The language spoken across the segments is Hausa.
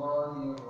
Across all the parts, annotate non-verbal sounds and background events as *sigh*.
الله الرحيم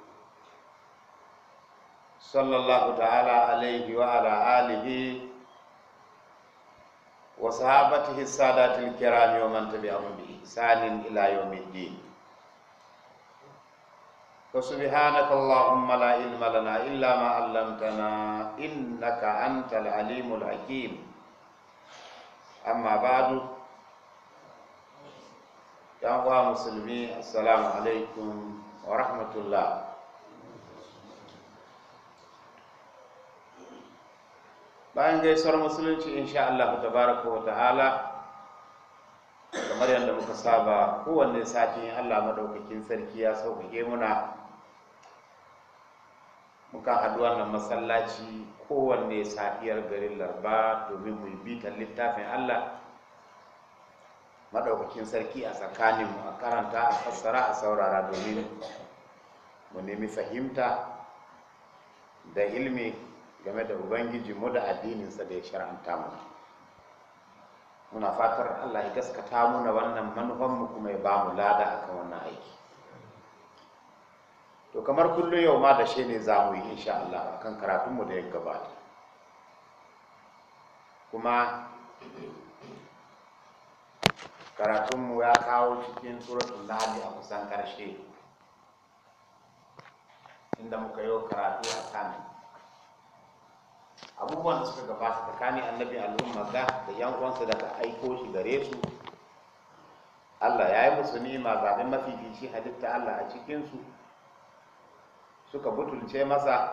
صلى الله تعالى عليه وعلى آله وصحابته السادات الكرام ومن تبعهم بإحسان إلى يوم الدين فسبحانك اللهم لا علم لنا إلا ما علمتنا إنك أنت العليم الحكيم أما بعد يا مسلمين السلام عليكم ورحمة الله bayan gaisuwar musulunci insha Allah tabaraka wa ta'ala kamar yadda muka saba kowanne satin Allah madaukakin sarki ya sauƙaƙe muna muka haɗu wannan masallaci kowanne safiyar garin larba domin mu bi littafin Allah madaukakin sarki a tsakaninmu a karanta a fassara a saurara domin mu nemi fahimta da ilmi game da ubangiji mu da addininsa da ya shar'anta mu muna fatar Allah ya gaskata mu na wannan manufan mu kuma ya ba mu lada akan wannan aiki to kamar kullum yau ma da shi ne za mu yi insha Allah a karatun mu da ya gabata kuma karatunmu ya kawo cikin suratul nahl a kusan karshe inda muka yi karatu a kan abubuwan da suka gabata tsakanin annabi al'umma ga da yan uwansa daga aiko shi gare su Allah ya yi musu nima zaɓen mafifici halitta Allah a cikinsu suka butulce masa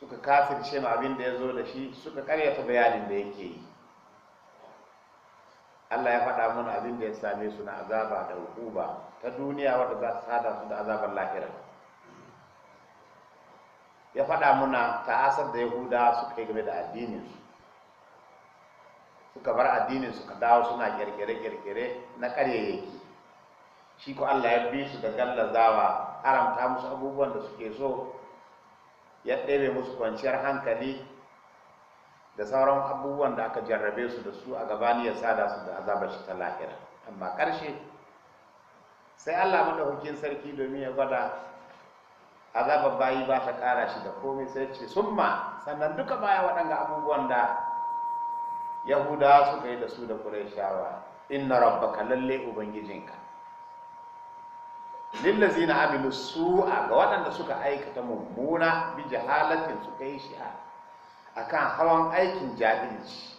suka kafirce ma abin da ya zo da shi suka karyata bayanin da yake yi Allah ya faɗa mana abin da ya same su na azaba da hukuba ta duniya wadda za ta sada su da azabar lahira ya faɗa muna ta'asar da yahuda suka yi game da addinin su suka bar addinin suka dawo suna kirkire-kirkire na ƙaryayyaki shi ko Allah ya bi su da gallazawa haramta musu abubuwan da suke so ya ɗebe musu kwanciyar hankali da sauran abubuwan da aka jarrabe su da su a gabani ya sada su da azabar shi ta lahira amma ƙarshe sai Allah hukin sarki domin ya gwada A azabar bayi ba ta kara shi da komai sai ce summa sannan duka baya waɗanga abubuwan da yahuda suka yi da su da qurayshawa inna rabbaka lalle ubangijinka lillazina amilu su'a ga waɗanda suka aikata mummuna bi jahalatin suka yi shi'a akan hawan aikin jahilci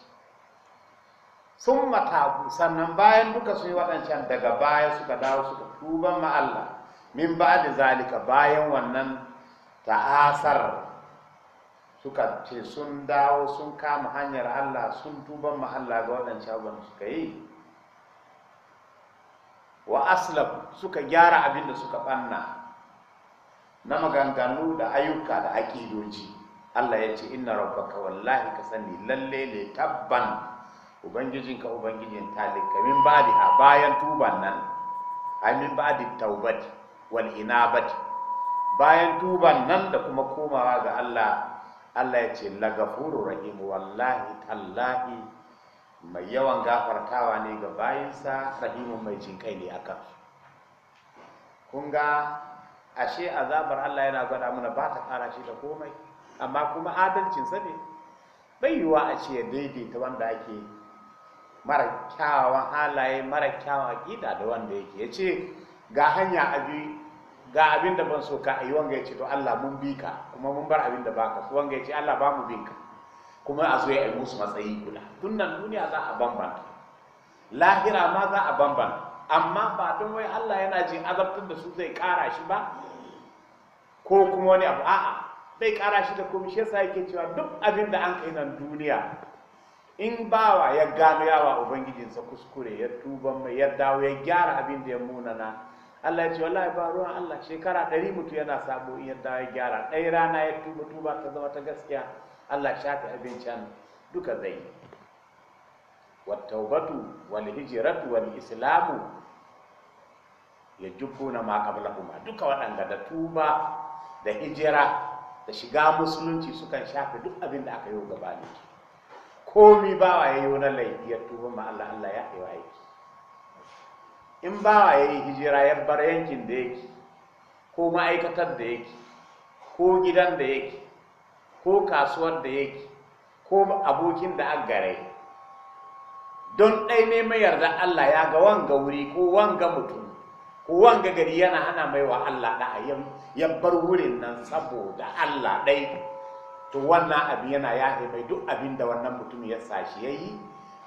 sun matabu sannan bayan duka su yi waɗancan daga baya suka dawo suka tuban ma Allah min ba da zalika bayan wannan ta'asar suka ce sun dawo sun kama hanyar Allah sun tuban ma Allah ga waɗancan abin suka yi wa aslam suka gyara abin da suka ɓanna na maganganu da ayyuka da aƙidoji Allah ya ce inna rabbaka wallahi ka sani lalle ne tabban ubangijinka ubangijin talika min da bayan tuban nan ai min ba da taubati wal bati, bayan tuban nan da kuma komawa ga Allah Allah ya ce lagafuru rahim wallahi tallahi mai yawan gafartawa ne ga bayinsa rahimun mai kai ne akan kun ga ashe azabar Allah yana gwada mana ba ta fara shi da komai amma kuma adalcinsa ne bai yiwuwa a ce daidaita wanda ake mara kyawawan halaye mara kyawawan gida da wanda yake ya ce ga hanya a bi. ga abin da ban so ka ayi wanga ya ce to Allah mun bi ka kuma mun bar abin da baka su wanga ya ce Allah ba mu bin ka kuma a zo ya yi musu matsayi kula. tun nan duniya za a bambanta lahira ma za a bambanta amma ba don wai Allah yana jin azabtar da su zai kara shi ba ko kuma wani abu a'a zai kara shi da komai shi yasa yake cewa duk abin da an kai nan duniya in bawa ya gano yawa ubangijinsa kuskure ya tuba mai ya dawo ya gyara abin da ya munana Allah ya ce wallahi ba ruwan Allah shekara ɗari mutu yana sabo in yadda ya gyara ɗaya rana ya tuba tuba ta zama ta gaskiya Allah shafi abincin duka zai yi wattaubatu wal hijratu wal islamu ya na ma kuma duka waɗanda da tuba da hijira da shiga musulunci sukan shafe duk abin da aka yi gabanin komi bawa yayi wani laifi ya tuba ma Allah Allah ya yi aiki in bawa ya yi hijira ya bar yankin da yake ko ma'aikatar da yake ko gidan da yake ko kasuwar da yake ko abokin da an gare don ɗai neman yarda Allah ya ga wanga wuri ko wanga mutum ko wanga gari yana hana mai wa Allah da ya bar wurin nan saboda Allah ɗai to wannan abin yana yahe mai duk abin da wannan mutum ya sashi ya yi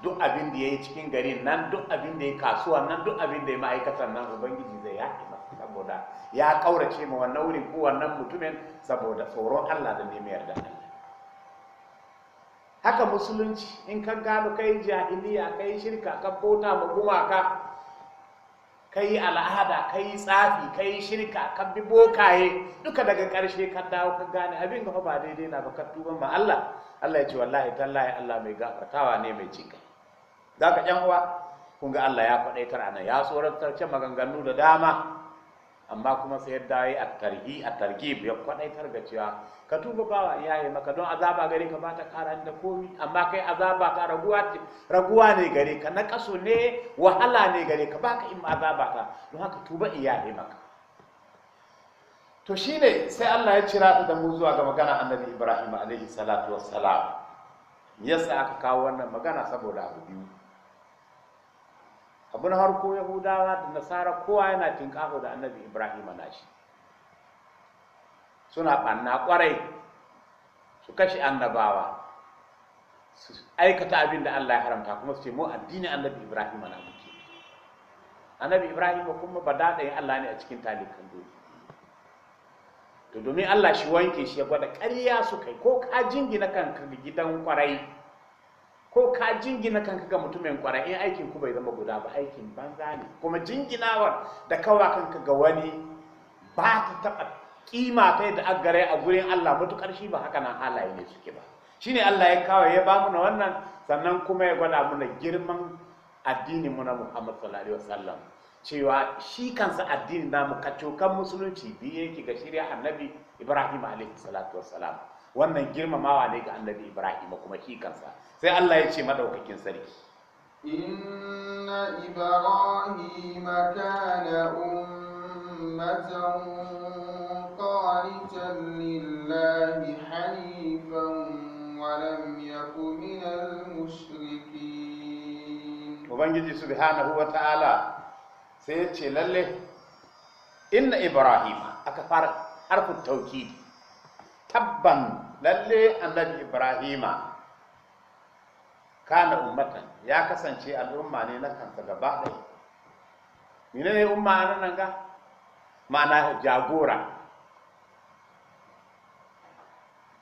duk abin da ya yi cikin gari, nan duk abin da ya yi kasuwa nan duk abin da ya ma'aikata nan ubangiji zai yaƙi masa saboda ya ƙaurace ma wannan wurin ko wannan mutumin saboda tsoron allah da neman da allah haka musulunci in ka gano kai jahiliya kai shirka ka bauta ma gumaka kai al'ada kai tsafi kai shirka ka bi bokaye duka daga karshe ka dawo ka gane abin ga ba daidai na ba ka tuba ma Allah Allah ya ce wallahi tallahi Allah mai gafartawa ne mai cika za ka yan uwa kun ga Allah ya faɗaitar a nan ya tsoratar ce maganganu da dama amma kuma sai yadda ya tarhi a tarhi ya kwaɗaitar ga cewa ka tuba bawa ya yi maka don azaba gare ka ba ta ƙara da komi amma kai azaba ta raguwa ne gare ka na kaso ne wahala ne gare ka ba ka in azaba ta don haka tuba iya maka to shine sai Allah ya cira ta da mu zuwa ga magana annabi Ibrahim alaihi salatu wassalam yasa aka kawo wannan magana saboda abu biyu abin harko yahudawa da nasara kowa yana tinkaho da annabi ibrahim nashi suna ɓanna ƙwarai su kashe annabawa su aikata abin da allah ya haramta kuma su ce mu addini annabi ibrahim na muke annabi ibrahim kuma ba daɗayin allah ne a cikin talikan dole to domin allah shi wanke shi ya gwada ƙarya su kai ko ka jingina kanka gidan kwarai. ko ka jingina kanka ga mutumin kwarai in aikin ku bai zama guda ba aikin banza ne kuma jinginawar da kawa kanka ga wani ba ta taɓa kima kai da aggare a gurin Allah matukar shi ba haka nan halaye ne suke ba shine Allah ya kawo ya ba mu na wannan sannan kuma ya gwada mu girman addinin mu na Muhammad sallallahu alaihi wasallam cewa shi kansa addinin namu kacokan musulunci biye yake ga shirya annabi Ibrahim alaihi salatu wassalam wannan girmamawa ne ga annabi ibrahim kuma shi kansa sai allah ya ce madaukakin sarki inna ibrahim kana ummatan qanitan lillahi hanifan wa lam yakun minal mushrikin ubangiji subhanahu wa ta'ala sai ya ce lalle inna ibrahim aka fara harfin tauki tabban lalle annabi ibrahima kana ummatan ya kasance al'umma ne na kansa gaba ɗaya ne umma nan ga ma'ana jagora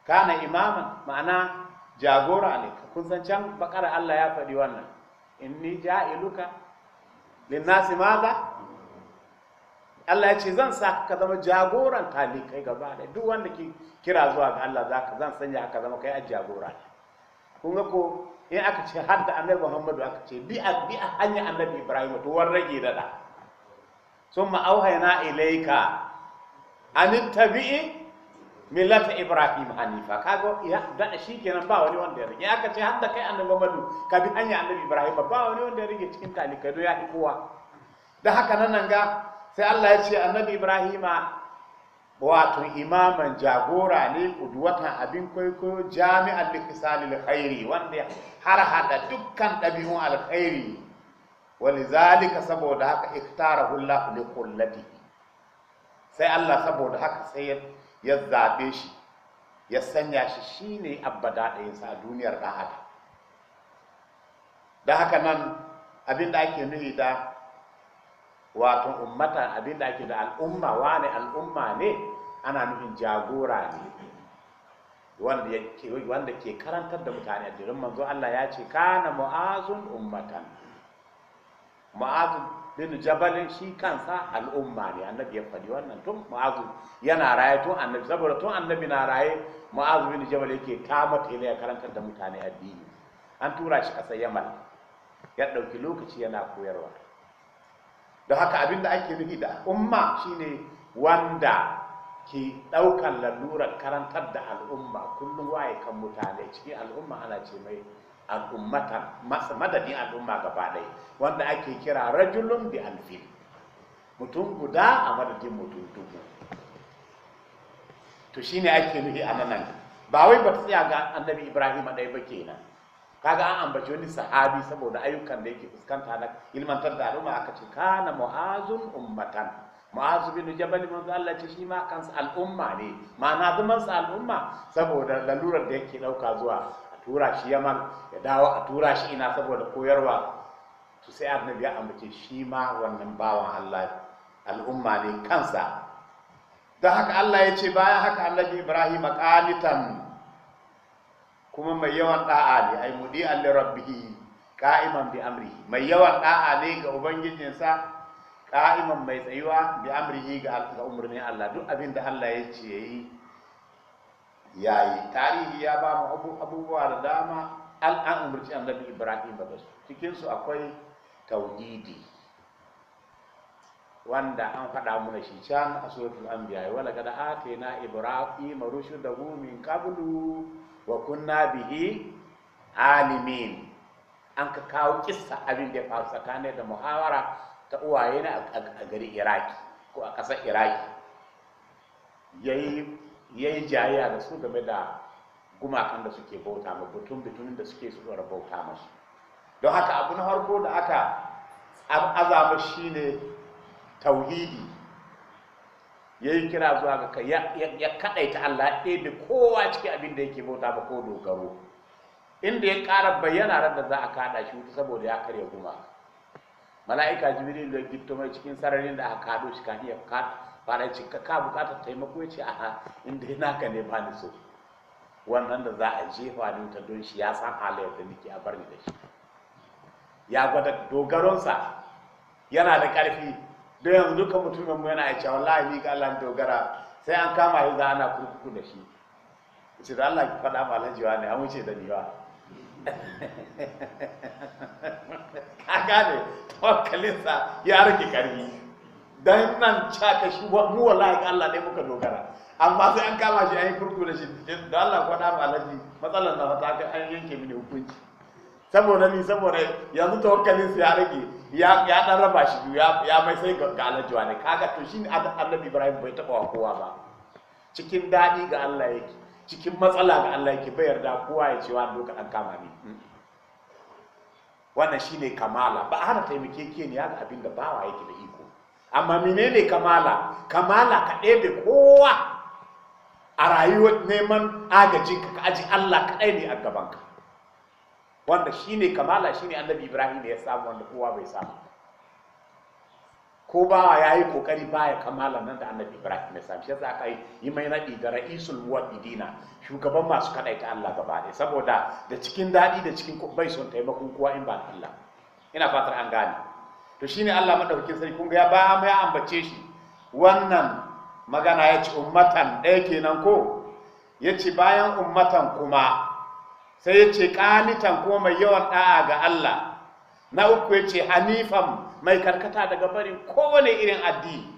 kana imaman ma'ana jagora ne kun san can bakar Allah ya faɗi wannan inni ja'iluka linnasi maza Allah ya ce zan sa ka zama jagoran talikai gaba da duk wanda ke kira zuwa ga Allah ka zan sanya ka zama kai a jagora kun ga ko in aka ce har da annabi Muhammadu aka ce bi a bi a hanya annabi Ibrahim to war rage da summa auhayna ilayka an tabi'i millata Ibrahim hanifa kago ya da shikenan ba wani wanda ya rage aka ce har da kai annabi Muhammadu ka bi hanya annabi Ibrahim ba wani wanda ya rage cikin talikai do ya kowa da haka nan ga sai Allah ya ce annabi Ibrahima wato imaman jagora ne kuduwatan abin kwaikwayo jami'an likisalil alkhairi wanda har hada dukkan ɗabi'un alkhairi wani zalika saboda haka iktara hula li kullati sai Allah saboda haka sai ya zabe shi ya sanya shi shine abada ɗayan sa duniyar ɗan da haka nan abin da ake nuhi da wato ummata abinda ake da al'umma wane al'umma ne ana nufin jagora ne wanda ke karantar da mutane addinin manzo Allah ya ce kana mu'azun ummatan mu'azun bin jabalin shi kansa al'umma ne annabi ya faɗi wannan tun mu'azun yana raye tun annabi saboda tun annabi na raye mu'azun bin jabal yake kama tele ya karantar da mutane addini an tura shi ƙasar yamal ya ɗauki lokaci yana koyarwa Da haka abin da ake nufi da umma shine wanda ke ɗaukar lalurar karantar da al'umma kullum waye kan mutane ciki al'umma ana ce mai al'ummata madadin al'umma gaba ɗaya wanda ake kira rajulun bi alfil mutum guda a madadin mutum dubu to shine ake nufi a nan ba wai ba tsaya ga annabi ibrahim ɗaya ba kenan kaga an ambaci wani sahabi saboda ayyukan da yake fuskanta na ilmantar da al'umma aka ce kana mu'azun ummatan mu'azu bin jabal manzo Allah ce shi ma kansa al'umma ne ma'ana zaman sa al'umma saboda lalurar da yake dauka zuwa a tura shi Yaman ya dawo a tura shi ina saboda koyarwa to sai annabi ya ambace shi ma wannan bawan Allah al'umma ne kansa Da haka Allah ya ce bayan haka annabi Ibrahim qanitan kuma mai yawan da'a ne ai mudi alli rabbih qa'iman bi amrihi mai yawan da'a ne ga ubangijinsa qa'iman mai tsayuwa bi amrihi ga umarnin Allah duk abin da Allah ya ce yayi yayi tarihi ya ba mu abubuwa da dama an annabi Ibrahim ba su cikin su akwai tauhidi wanda an faɗa muna shi can a suratul anbiya wala kada Ibrahim ibrahima da min qablu wa kunna bihi alimin an ka kawo kissa abin da ya faru tsakanin da muhawara ta uwaye na a gari iraki ko a ƙasar iraki ya yi jayayya da su game da gumakan da suke bauta ma butun bitunin da suke su bauta masu don haka abu na harko da aka azama shine tauhidi ya yi kira zuwa ga kai ya ta Allah ɗaya da kowa cikin abin da yake bauta ba ko dogaro inda ya ƙara bayyana ran da za a kada shi wuta saboda ya karya guma mala'ika jibril da gitto mai cikin sararin da aka kado shi kan iya fara ci ka bukatar taimako ya ce a inda ya naka ne ba ni so wannan da za a jefa ni ta don shi ya san halayyar da muke a bar ni da shi ya gwada dogaronsa yana da ƙarfi da yanzu duka mutumin mu yana cewa wallahi ni ga Allah dogara sai an kama shi za ana kurkuku da shi ce da Allah ki faɗa ma alajiwa ne an wuce da ni ba *laughs* ka gane tawakkalinsa ya rage ƙarfi dan nan caka shi mu wallahi ga Allah ne muka dogara amma sai an kama shi an yi kurkuku da shi da Allah faɗa ma alaji matsalar na fata an yanke mini hukunci saboda ni saboda yanzu hankalin su ya rage ya ya dan raba shi ya ya mai sai ga alajuwa ne kaga to shine annabi Ibrahim bai taba kowa ba cikin dadi ga Allah yake cikin matsala ga Allah yake bai yarda kowa ya ce wa doka an kama ni wannan shine kamala ba hana taimake ke ne ya ga abin da bawa yake da iko amma menene kamala kamala ka ɗebe kowa a rayuwar neman agaji ka aji Allah kaɗai ne a gabanka wanda ne kamala shine annabi ibrahim ya samu wanda kowa bai samu ko ba ya yi kokari baya kamala nan da annabi ibrahim ya samu shi yasa aka yi mai naɗi da ra'isul muwaddidina shugaban masu kaɗaita allah gaba ɗaya saboda da cikin daɗi da cikin bai sun taimakon kowa in ba allah ina fatar an gane to shine allah madaukakin sarki kun ga ya ba ya ambace shi wannan magana ya ce ummatan ɗaya kenan ko ya ce bayan ummatan kuma sai ya ce ƙanitan kuma mai yawan ɗa'a ga Allah na uku ya ce hanifan mai karkata daga barin kowane irin addini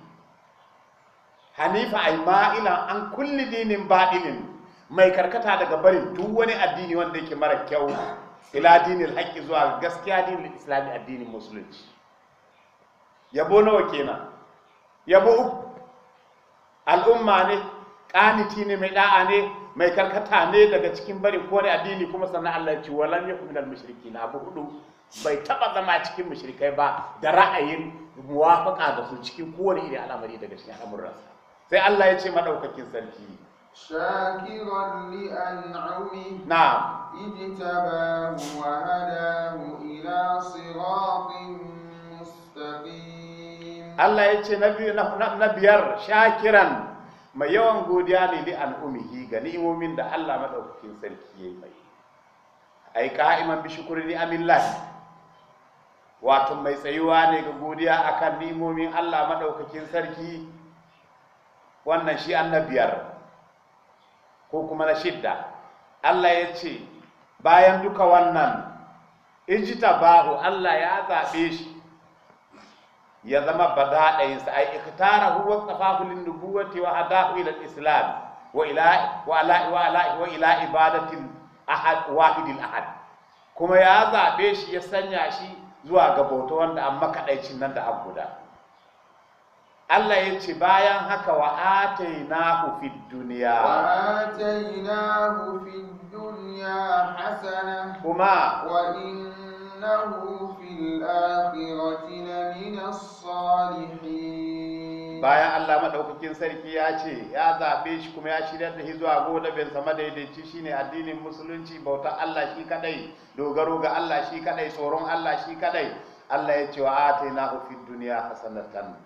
hanifa a ma'ilan an kulli dinin ba'inin mai karkata daga barin duk wani addini wanda yake mara kyau ila dinin haƙƙi zuwa gaskiya dinin islami addinin musulunci yabo nawa kenan yabo al'umma ne qaniti ne mai da'a ne mai karkata ne daga cikin bari ko ne addini kuma sannan Allah ya ce walam yakum minal mushrikin abu hudu bai taba zama cikin mushrikai ba da ra'ayin muwafaka da su cikin kowane irin al'amari daga cikin al'amuransa sai Allah ya ce madaukakin sarki shakiran li an'ami na'am ijtabahu wa mu ila siratin mustaqim Allah ya ce na biyar shakiran mai yawan godiya ne li al'umihi ga ni'imomin da Allah madaukakin sarki yayi mai ai qa'iman bi shukri ni'amillah wato mai tsayuwa ne ga godiya akan ni'imomin Allah madaukakin sarki wannan shi annabiyar ko kuma na shidda Allah ya ce bayan duka wannan ijtabahu Allah ya zaɓe shi ya zama bada'insa ay ikhtarahu wa safahu lin nubuwati wa hadahu ila al-islam wa ila wa ala wa ala wa ila ibadati ahad wahid ahad kuma ya zabe shi ya sanya shi zuwa ga bauta wanda an makadaicin nan da an guda Allah ya ce bayan haka wa atainahu fid dunya wa atainahu fid dunya hasana kuma wa in bayan Allah maɗaukakin sarki ya ce ya zaɓe shi kuma ya shirya da zuwa gobe bin sama shine addinin musulunci bauta Allah shi kadai dogaro ga Allah shi kadai tsoron Allah shi kadai Allah ya ce wa atainahu fid dunya hasanatan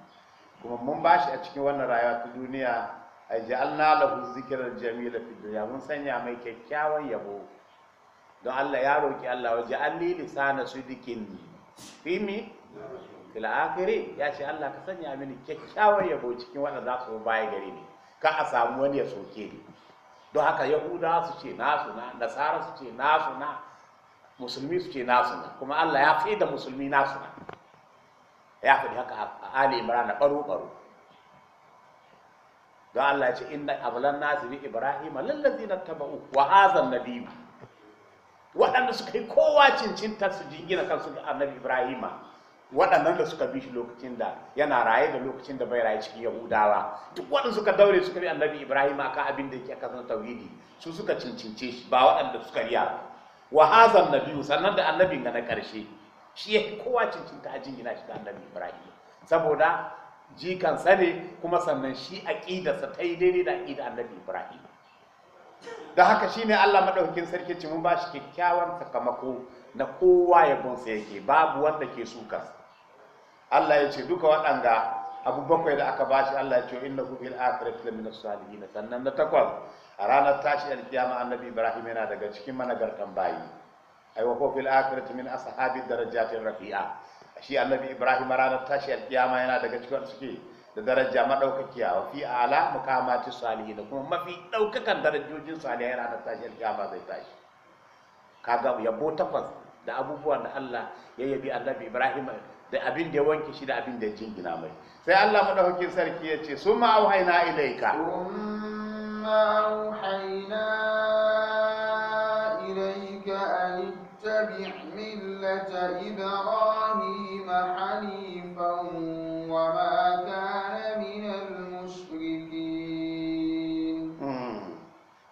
kuma mun bashi a cikin wannan rayuwa ta duniya aj'alna lahu zikirar Jami'ar fid dunya mun sanya mai kyakkyawan yabo don Allah ya roƙi Allah waje alli lisana sidikin ni fi mi fil akhiri ya ce Allah ka sanya mini kyakkyawar yabo cikin wanda za su baya gari ne ka a samu wani ya soke ni don haka yahuda su ce nasu na nasara su ce nasu na musulmi su ce nasu na kuma Allah ya fi da musulmi nasu na ya faɗi haka a ali imran na baro baro don Allah ya ce inna ablan nasi bi ibrahim lallazina tabau wa hazan nabiyyu waɗanda suka yi kowa cincinta su jingina kansu ga annabi ibrahima waɗannan da suka bi shi lokacin da yana raye da lokacin da bai raye cikin yahudawa duk waɗanda suka daure suka bi annabi ibrahim ka abin da yake kasan tauhidi su suka cincince shi ba waɗanda suka riya wa hazan nabiyu sannan da annabin ga na ƙarshe shi ya kowa cincinta a jingina shi da annabi ibrahim saboda jikansa ne kuma sannan shi aƙidarsa ta yi daidai da aƙidar annabi ibrahim da haka shi ne Allah maɗaukin sarki ce mun ba shi kyakkyawan sakamako na kowa ya bunsa yake babu wanda ke suka Allah ya ce duka waɗanga abu bakwai da aka bashi Allah ya ce inna hu fil akhirati lamin salihin sannan na takwas a ranar tashi alkiyama annabi Ibrahim yana daga cikin managartan bayi ai wa fil akhirati min ashabi darajatin rafi'a shi annabi Ibrahim ranar tashi alkiyama yana daga cikin suke da daraja madaukakiya wa fi ala muqamati salihin kuma mafi daukakan darajojin salihai ranar tashi alkiyama zai tashi kaga yabo tafas da abubuwan da Allah ya yabi annabi Ibrahim da abin da ya wanke shi da abin da ya jingina mai sai Allah madaukakin sarki ya ce summa auhayna ilayka summa auhayna ilayka an tabi' millata ibrahim hanifan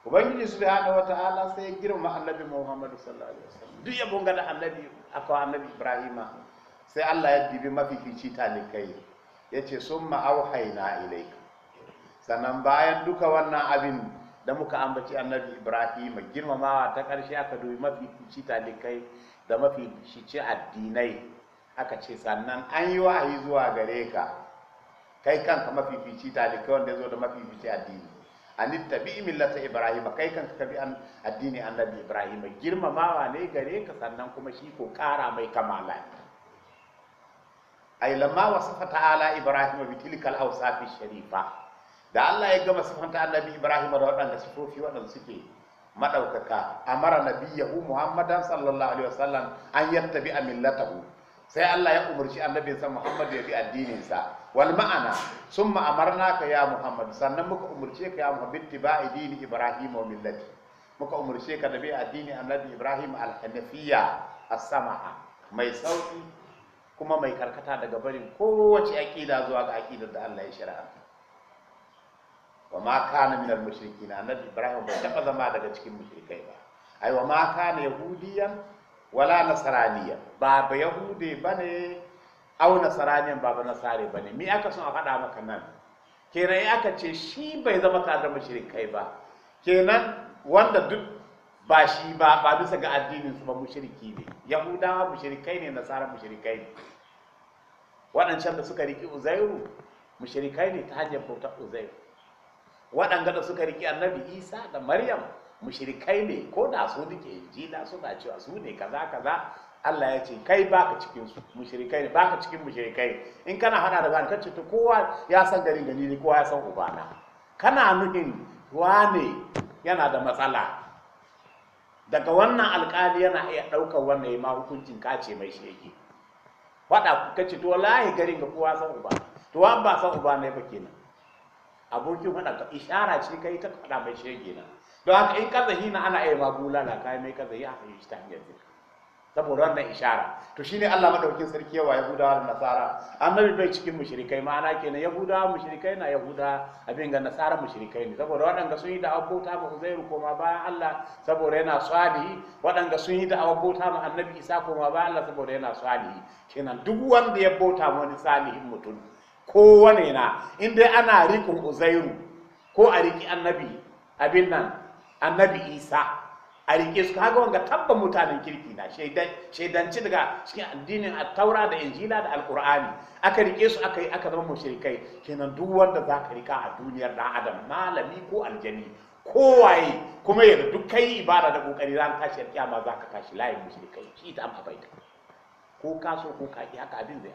ubangiji subhanahu wataala sai girma annabi muhammadu sallallahu alaihi wasallam duk yabo ga annabi akwa annabi ibrahima sai Allah ya dibi mafifici talikai yace summa auhayna ilayka sannan bayan duka wannan abin da muka ambaci annabi ibrahima girmamawa ta ƙarshe aka dubi mafifici talikai da mafi fici addinai aka ce sannan an yi wahayi zuwa gare ka kai kanka mafifici talikai wanda ya zo da mafifici addini an tabi millata ibrahim kai kanka ka bi an addini annabi ibrahim girmamawa ne gare ka sannan kuma shi ko kara mai kamala ai lamma wasafa ta'ala ibrahim bi tilkal awsafi sharifa da Allah ya gama sifanta annabi ibrahim da waɗanda sifofi waɗanda suke madaukaka amara nabiyahu muhammadan sallallahu alaihi wasallam an yattabi millatahu sai Allah ya umarci annabinsa muhammad ya bi addininsa wal ma'ana summa amarnaka ya muhammad sannan muka umurce ka ya muhammad ittiba'i dini ibrahim wa millati muka umurce ka da bi addini annabi ibrahim al a as-samaha mai sauki kuma mai karkata daga barin kowace aqida zuwa ga aqidar da Allah ya shari'a wa ma kana min al-mushrikin annabi ibrahim bai taba zama daga cikin mushrikai ba ai wa ma kana yahudiyan wala nasraniya ba ba yahude bane Auna saraniyan ba ba nasare ba ne mi aka son a faɗa maka nan kenan aka ce shi bai zama tare da kai ba kenan wanda duk ba shi ba ba bisa ga addinin su ba mushriki ne yahudawa mushrikai ne nasara mushrikai ne waɗancan da suka riki uzairu mushrikai ne ta hanyar bautar uzairu waɗanda da suka riki annabi isa da maryam mushrikai ne ko da su nike injila suna cewa su ne kaza kaza Allah ya ce kai baka cikin su mushrikai ne baka cikin mushrikai in kana hana da zani kace to kowa ya san garin da ni kowa ya san ubana kana nufin wane yana da matsala daga wannan alƙali yana iya ɗaukar wannan ya ma hukuncin kace mai shege faɗa kace to wallahi garin ga kowa san ubana to an ba san ubana ba kenan abokin faɗa ka ishara ce kai ta faɗa mai shege na don haka in kazahi na ana iya ma bulala kai mai kazahi a hanyar ta hanyar zika saboda wannan ishara to shine Allah madaukin sarki yawa yahudawa da nasara annabi bai cikin mushrikai ma'ana kenan Yahuda mushrikai na yahuda abin ga nasara mushrikai ne saboda waɗanda sun yi da abota ma uzairu koma bayan Allah saboda yana salihi waɗanda sun yi da abota ma annabi isa koma bayan Allah saboda yana salihi kenan duk wanda ya bauta ma wani salihin mutum kowane na in dai ana riƙin uzairu ko a riƙi annabi abin nan annabi isa a rike su kaga wanga tabba mutanen kirki na shaidanci daga cikin addinin attaura da injila da alkur'ani aka rike su aka yi aka zama mushrikai kenan duk wanda za ka rika a duniyar dan adam malami ko aljani kowaye kuma yadda duk kai ibada da kokari ran tashi kiyama za ka tashi layin mushrikai shi ta amma baita ko ka so ko ka haka abin zai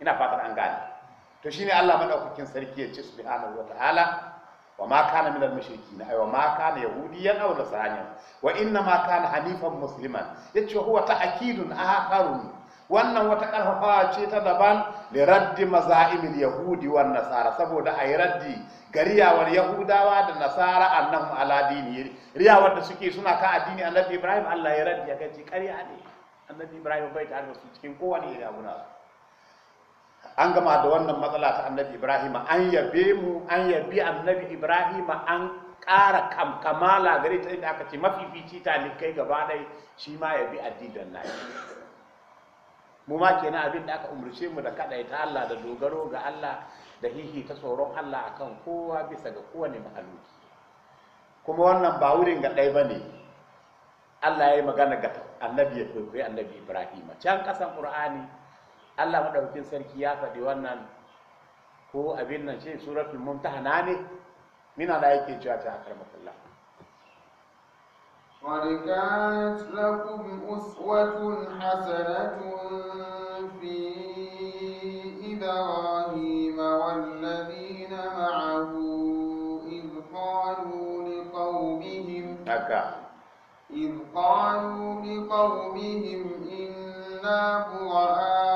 ina fatar an gane to shine Allah madaukakin sarki ya ce subhanahu ta'ala wa ma kana min al-mushrikin ay wa ma kana yahudiyan aw nasraniyan wa inna ma kana hanifan musliman yace huwa ta'kidun akharun wannan wata karfafa ce ta daban li maza mazaimil yahudi wan nasara saboda ayi raddi gariyawar yahudawa da nasara annahu ala riyawar da suke suna ka addini annabi ibrahim Allah ya raddi ya ci karya ne annabi ibrahim bai tare da su cikin kowane irin abu na an gama da wannan matsala ta annabi ibrahim an yabe mu an yabi annabi ibrahim an ƙara kamala, gare ta inda aka ce mafifici talikai gaba ɗai shi ma ya bi addinan na mu ma kenan abin da aka umarce mu da kaɗai ta Allah da dogaro ga Allah da hihi ta tsoron Allah akan kowa bisa ga kowane mahaluki kuma wannan ba wurin ga ɗai ba ne Allah ya yi magana ga annabi ya kwaikwai annabi Ibrahim can ƙasan Ƙur'ani Allah maɗaukin sarki ya faɗi wannan ko abin nan ce suratul mumtahana ne mina da yake cewa ta akramakallah قد كانت لكم أسوة حسنة في إبراهيم والذين معه إذ قالوا لقومهم إذ قالوا لقومهم إنا براء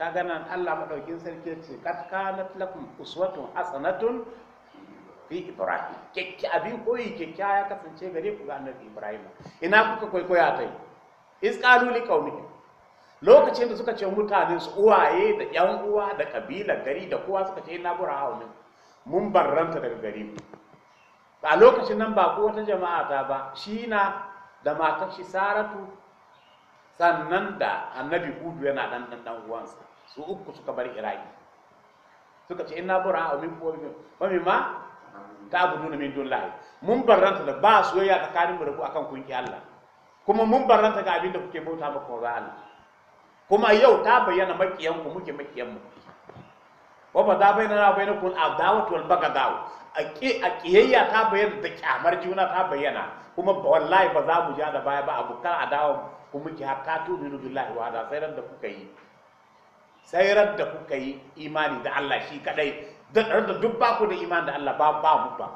kaga Allah madaukin sarki ce kad kanat lakum uswatun hasanatun fi ibrahim kike abin koyi kike ya kasance gare ku ga annabi ibrahim ina kuka tai ta yi li liqaumihi lokacin da suka ce mutanen su uwaye da yan uwa da kabila gari da kowa suka ce ina bura hawo mun barranta daga gari Ba a lokacin nan ba ko wata jama'a ta ba shi na da matar shi saratu sannan da annabi hudu yana dan dan uwansa su uku suka bar iraki suka ce ina bura a min kuwa min ma ta abu nuna min don lahi mun barranta da ba yaya tsakanin mu da ku akan kun Allah kuma mun barranta ga abin da kuke bauta ba ko ga Allah kuma yau ta bayyana makiyan ku muke makiyan mu wa ba da bayyana bayyana kun adawatu wal bagadaw a kiyayya ta bayyana da kyamar juna ta bayyana kuma wallahi ba za mu ja da baya ba abukar adawa kuma muke hatta tu billahi wa da sai da kuka yi sai da kuka yi imani da Allah shi kadai da duk ba ku da imani da Allah ba ba mu ba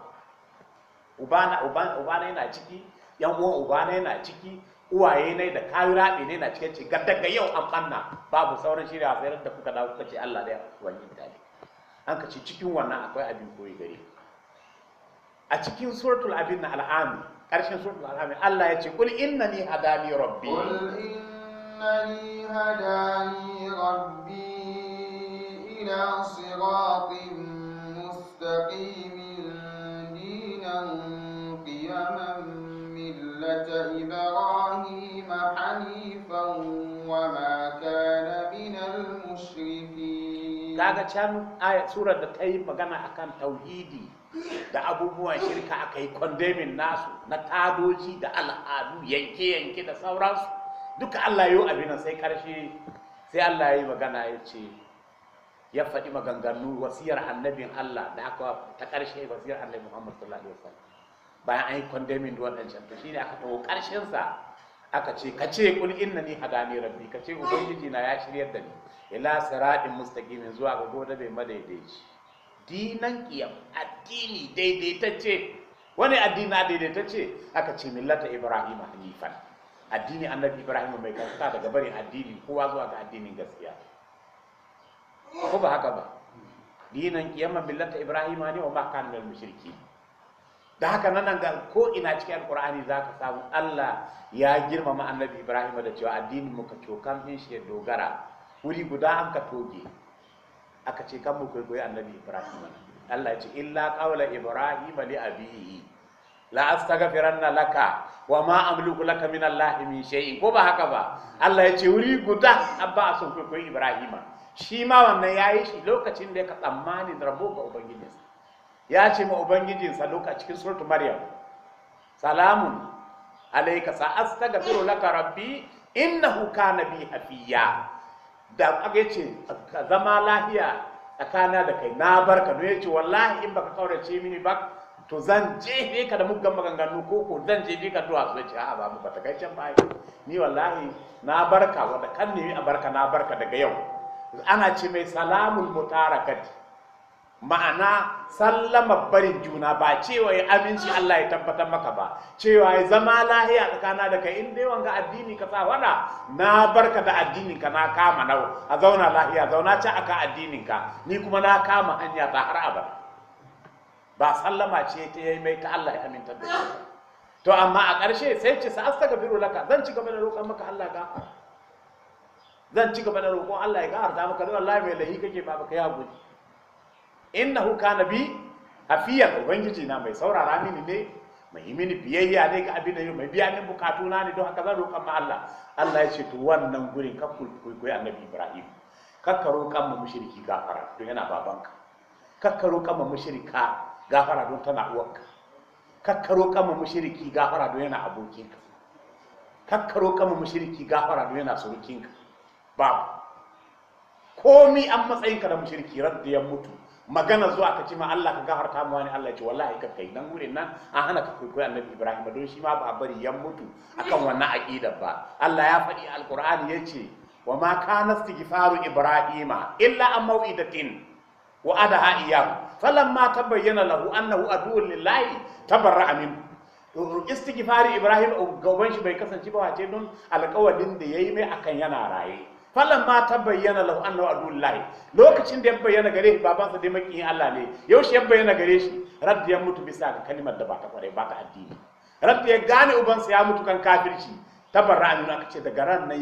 ubana ubana ubana yana ciki yan uwan ubana yana ciki uwaye ne da kayu rabi ne na cikin ga daga yau an banna babu sauran shirya sai da kuka da kuka ce Allah da ya wani dali an ka ce cikin wannan akwai abin koyi gare a cikin suratul abin na al'ami ƙarshen suratul al'ami Allah ya ce kul innani hadani rabbi أنني هداني ربي إلى صراط مستقيم دينا قيما ملة إبراهيم حنيفا وما كان من المشركين kaga can aya surar da ta yi magana kan tauhidi da abubuwan shirka aka yi nasu na tadoji da al'adu yanke-yanke da sauransu duka Allah wa abin nan sai karshe sai Allah ya yi magana ya ce ya faɗi maganganu wasiyar annabin Allah da aka ta karshe wasiyar annabi Muhammad sallallahu alaihi wasallam bayan an yi condemning wannan can shi ne aka tawo karshen sa aka ce ka ce kul innani hadani rabbi ka ce ubangiji na ya shiryar da ni ila siratin mustaqimin zuwa ga gobe bai madaidaici dinan kiyam addini daidaitacce wani addina daidaitacce aka ce millata Ibrahim hanifan addini annabi ibrahim mai karkata daga barin addini kowa zuwa ga addinin gaskiya ko ba haka ba dinan kiyama millata ibrahim ne wa ma kana minal mushriki da haka nan ga ko ina cikin alqur'ani zaka samu Allah ya girmama annabi ibrahim da cewa addinin ka cokan din shi dogara wuri guda an ka toge aka ce kan mu koyi annabi ibrahim Allah ya ce illa qawla ibrahim li abihi la astaghfiranna laka wa ma amliku laka min Allah min shay'in ko ba haka ba Allah ya ce wuri guda abba son ko Ibrahima shi ma wannan yayi shi lokacin da ka tsammani rabo ga ubangijinsa ya ce ma ubangijinsa lokacin cikin suratul Maryam salamun alayka sa astaghfiru laka rabbi innahu kana bi hafiya da aka yace zama lahiya tsakana da kai na barka ya ce wallahi in baka kaurace mini ba to zan jefe ka da muggan maganganu ko ko zan jefe ka zuwa su ce ba mu bata kai can ba ni wallahi na barka wanda kan nemi a barka na barka daga yau ana ce mai salamul mutarakat ma'ana sallama barin juna ba cewa ya aminci Allah ya tabbatar maka ba cewa ya zama lahiya tsakana daga kai in dai wanga addini ka sa wada na barka da addinin ka na kama nau a zauna lahiya zauna ci aka addinin ka ni kuma na kama hanya ta har abada ba sallama ce ta yi mai ta Allah ya aminta da shi to amma a ƙarshe sai ce sa astaghfiru laka zan ci gaba da roƙon maka Allah ga zan ci gaba da roƙon Allah ya gafarta maka don Allah mai lahi kake ba baka ya guji innahu kana bi Hafiyar, ubangiji na mai saurara mini ne mai mini biyayya ne ga abin da yau mai biya min bukatu na ne don haka zan roƙon ma Allah Allah ya ce to wannan gurin ka koyi annabi Ibrahim kakkaro kan ma mushriki gafara To yana babanka kakkaro kan ma mushrika gafara don tana uwanka kakkaro kama mashiriki gafara don yana abokinka kakkaro kama mashiriki gafara don yana surukinka ba komi an matsayinka da mashiriki radda ya mutu magana zuwa ka ce ma Allah ka gafarta mu wani Allah ya ce wallahi ka kai nan wurin nan an hana ka koyi Annabi Ibrahim don shi ma ba bari ya mutu akan wannan aqida ba Allah ya faɗi alqur'ani yace wa ma kana istighfaru ibrahima illa an mau'idatin wa adaha iyyahu Falan tabayyana lahu annahu aduwwun lillahi tabarra'a istighfari ibrahim oh, gaban shi bai kasance ba wace don alƙawarin da yayi mai akan yana raye Falan tabayyana lahu annahu aduwwun lillahi lokacin da ya bayyana gare shi babansa dai makiyin Allah ne yau shi ya bayyana gare shi radda ya mutu bisa ga kalmar da ba ta kware ba ta addini radda ya gane ubansa ya mutu kan kafirci tabarra an aka ce daga ran na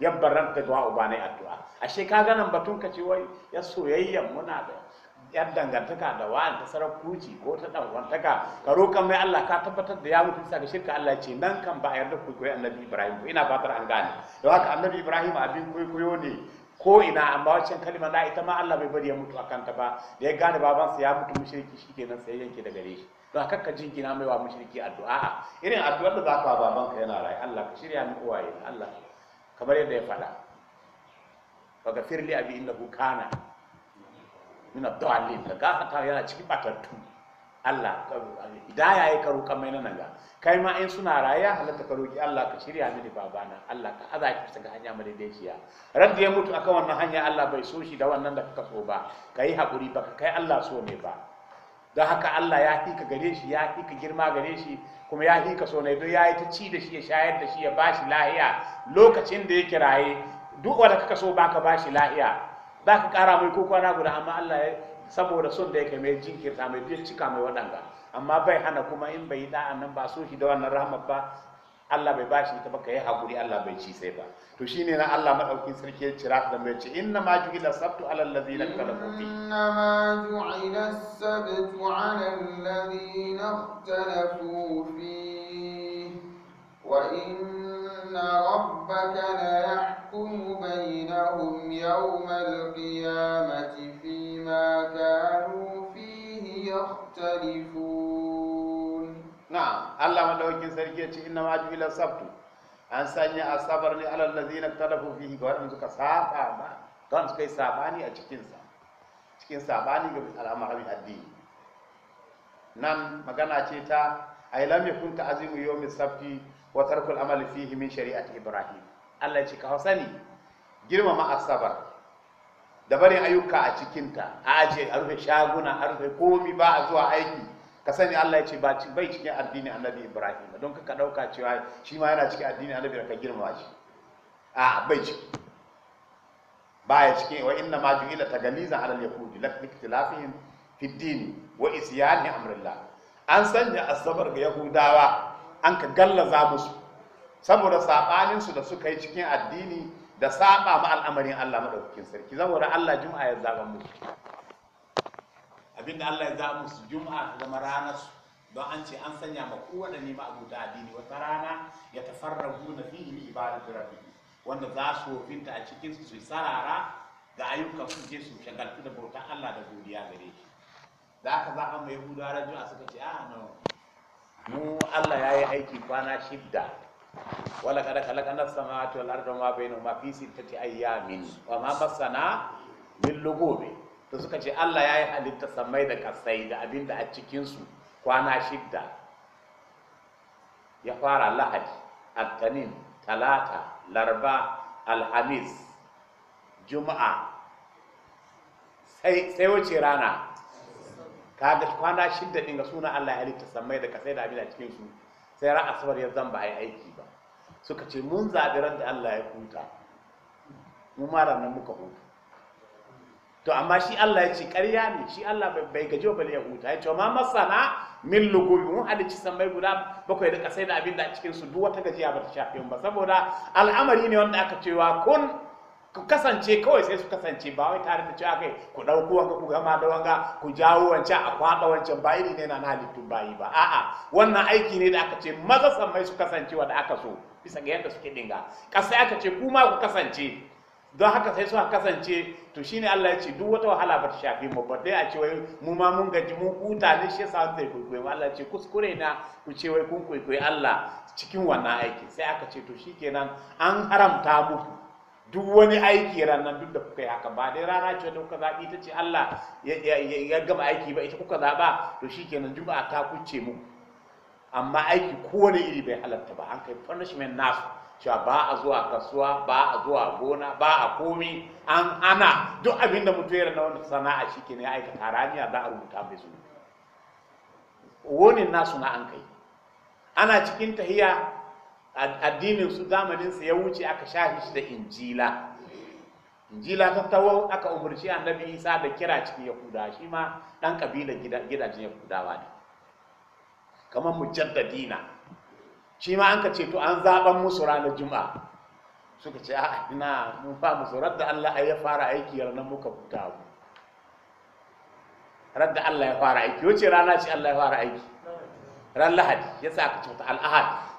yabbaran da du'a ubanai addu'a ashe ka ganan batun ka ce wai ya soyayya muna da yan dangantaka da wa'an ta sarakuci ko ta dangantaka ka roƙon mai Allah ka tabbatar da ya mutu bisa ga shirka Allah ce nan kan ba a yarda ku koyi annabi Ibrahim ina fatar an gane don haka annabi Ibrahim abin koyi koyo ne ko ina amma wancan kalima na ita ma Allah bai bari ya mutu akan ta ba da ya gane babansa ya mutu mushriki kenan sai yanke da gare shi don haka ka jingina mai wa mushriki addu'a irin addu'ar da zaka babanka yana rai Allah ka shirya ni uwaye Allah kamar yadda ya faɗa wa gafirli abi innahu kana min ad ga gafata yana cikin batattu Allah hidaya ya karo kan mai nan ga kai ma in suna raya halatta ka roki Allah ka shirya mini babana Allah ka aza ki ga hanya madaidaiciya ran da ya mutu akan wannan hanya Allah bai so shi da wannan da kaka so ba kai hakuri ba kai Allah so ne ba don haka Allah ya ka gare shi ya ka girma gare shi kuma ya hika so ne don ya ta ci da shi ya shayar da shi ya bashi lahiya lokacin da ya kiraye duk wanda kaka so baka bashi lahiya za ka kara mai ko na guda amma Allah ya saboda son da yake mai jinkirta mai biyar cika mai waɗanda amma bai hana kuma in bai yi da nan ba so shi da wannan rahmat ba Allah bai bashi ita ba ka yi haƙuri Allah bai ci sai ba to shine na Allah madaukin sarki ya cira da mai ce inna ma ju'ila sabtu ala allazina inna ma ju'ila sabtu ala allazina ikhtalafu fi wa inna إن ربك ليحكم بينهم يوم القيامة فيما كانوا فيه يختلفون نعم الله an sanya asabar ne alal ladzina talafu fihi ga wanda suka saba ba don suka yi sabani a cikin sa cikin sabani ga al'amarin addini nan magana ce ta ay lam ka azimu yawmi sabti wa tarkul amali fihi min shari'ati ibrahim Allah ce ka hausani girmama asabar da bari ayyuka a cikinta a aje a rufe shaguna a rufe komi ba a zuwa aiki ka sani Allah ya ce ba bai cikin addini annabi ibrahim don ka ɗauka cewa shi ma yana cikin addini annabi ka girmama shi a bai ciki baya cikin wa inna ma ju'ila tagaliza ala al-yahudi la ikhtilafihim fi ad-din wa isyani amrillah an sanya asabar ga yahudawa an ka gallaza musu saboda saɓaninsu da suka yi cikin addini da saɓa ma al'amarin Allah maɗaukakin sarki saboda Allah juma'a ya zaɓa musu abinda Allah ya zaɓa musu juma'a ta zama ranar su don an ce an sanya ma a ma'abuta addini wata rana ya tafarrahu na fihi li ibadatu rabbihi wanda za su wofinta a cikin su yi sarara ga ayyukan su je su shagaltu da bautan Allah da godiya gare shi da aka zaɓa mai yahudawa a suka ce a ah, nan mu Allah ya yi aiki kwana shidda wala kada kalaka na samawati wal arda ma bainahuma fi sittati ayyamin wa ma masana min lugubi to suka ce Allah ya yi halitta samai da kasai da abin da a cikin su kwana shidda ya fara lahadi altanin talata larba alhamis juma'a sai wuce rana kaga kwana shida din ga suna Allah ya halitta sammai da kasai da abin a cikin su sai ran asabar ya zamba ai yi aiki ba suka ce mun zaɓi ran da Allah ya huta mu ma nan muka huta to amma shi Allah ya ce ƙarya ne shi Allah bai gaji ba ya huta ya ce ma masana min lugubi mun halicci sammai guda bakwai da kasai da abin da a cikin su duk wata gajiya ba ta shafe mu ba saboda al'amari ne wanda aka cewa kun ku kasance kawai sai su kasance ba wai tare da cewa kai ku ɗauko wanga ku gama da wanga ku jawo wancan a kwaɗa wancan ba iri ne na halittun bayi ba a'a wannan aiki ne da aka ce maza sammai su kasance wanda aka so bisa ga yadda suke dinga kasai aka ce kuma ku kasance don haka sai su ka kasance to shine Allah ya ce duk wata wahala ba ta shafi mu ba dai a ce wai mu ma mun gaji mun huta ne shi yasa sai ku Allah ya ce kuskure na ku ce wai kun kwaikwayi Allah cikin wannan aiki sai aka ce to shikenan an haramta muku duk wani aiki ranar duk da kuka yi haka ba dai rana ce wanda kuka zaɓi ita ce Allah ya gama aiki ba ita kuka zaɓa to shi kenan juma'a ta kuce mu amma aiki kowane iri bai halatta ba an kai punishment nasu cewa ba a zuwa kasuwa ba a zuwa gona ba a komi an ana duk abin da mutum yana wani sana'a shi ke ne aikata raniya za a rubuta mai zuwa wonin nasu na an kai ana cikin tahiya addinin su zamanin su ya wuce aka shafi shi da injila injila ta tawo aka umarci annabi isa da kira cikin yahuda shi ma dan kabilar gidajen yahudawa ne kamar mujaddadina shi ma an ka ce to an zaben musu ranar juma'a suka ce a ina mun ba musu radda Allah ya fara aiki ranar muka fita mu radda Allah ya fara aiki wace rana ce Allah ya fara aiki ran lahadi ya sa aka ce ta al'ahad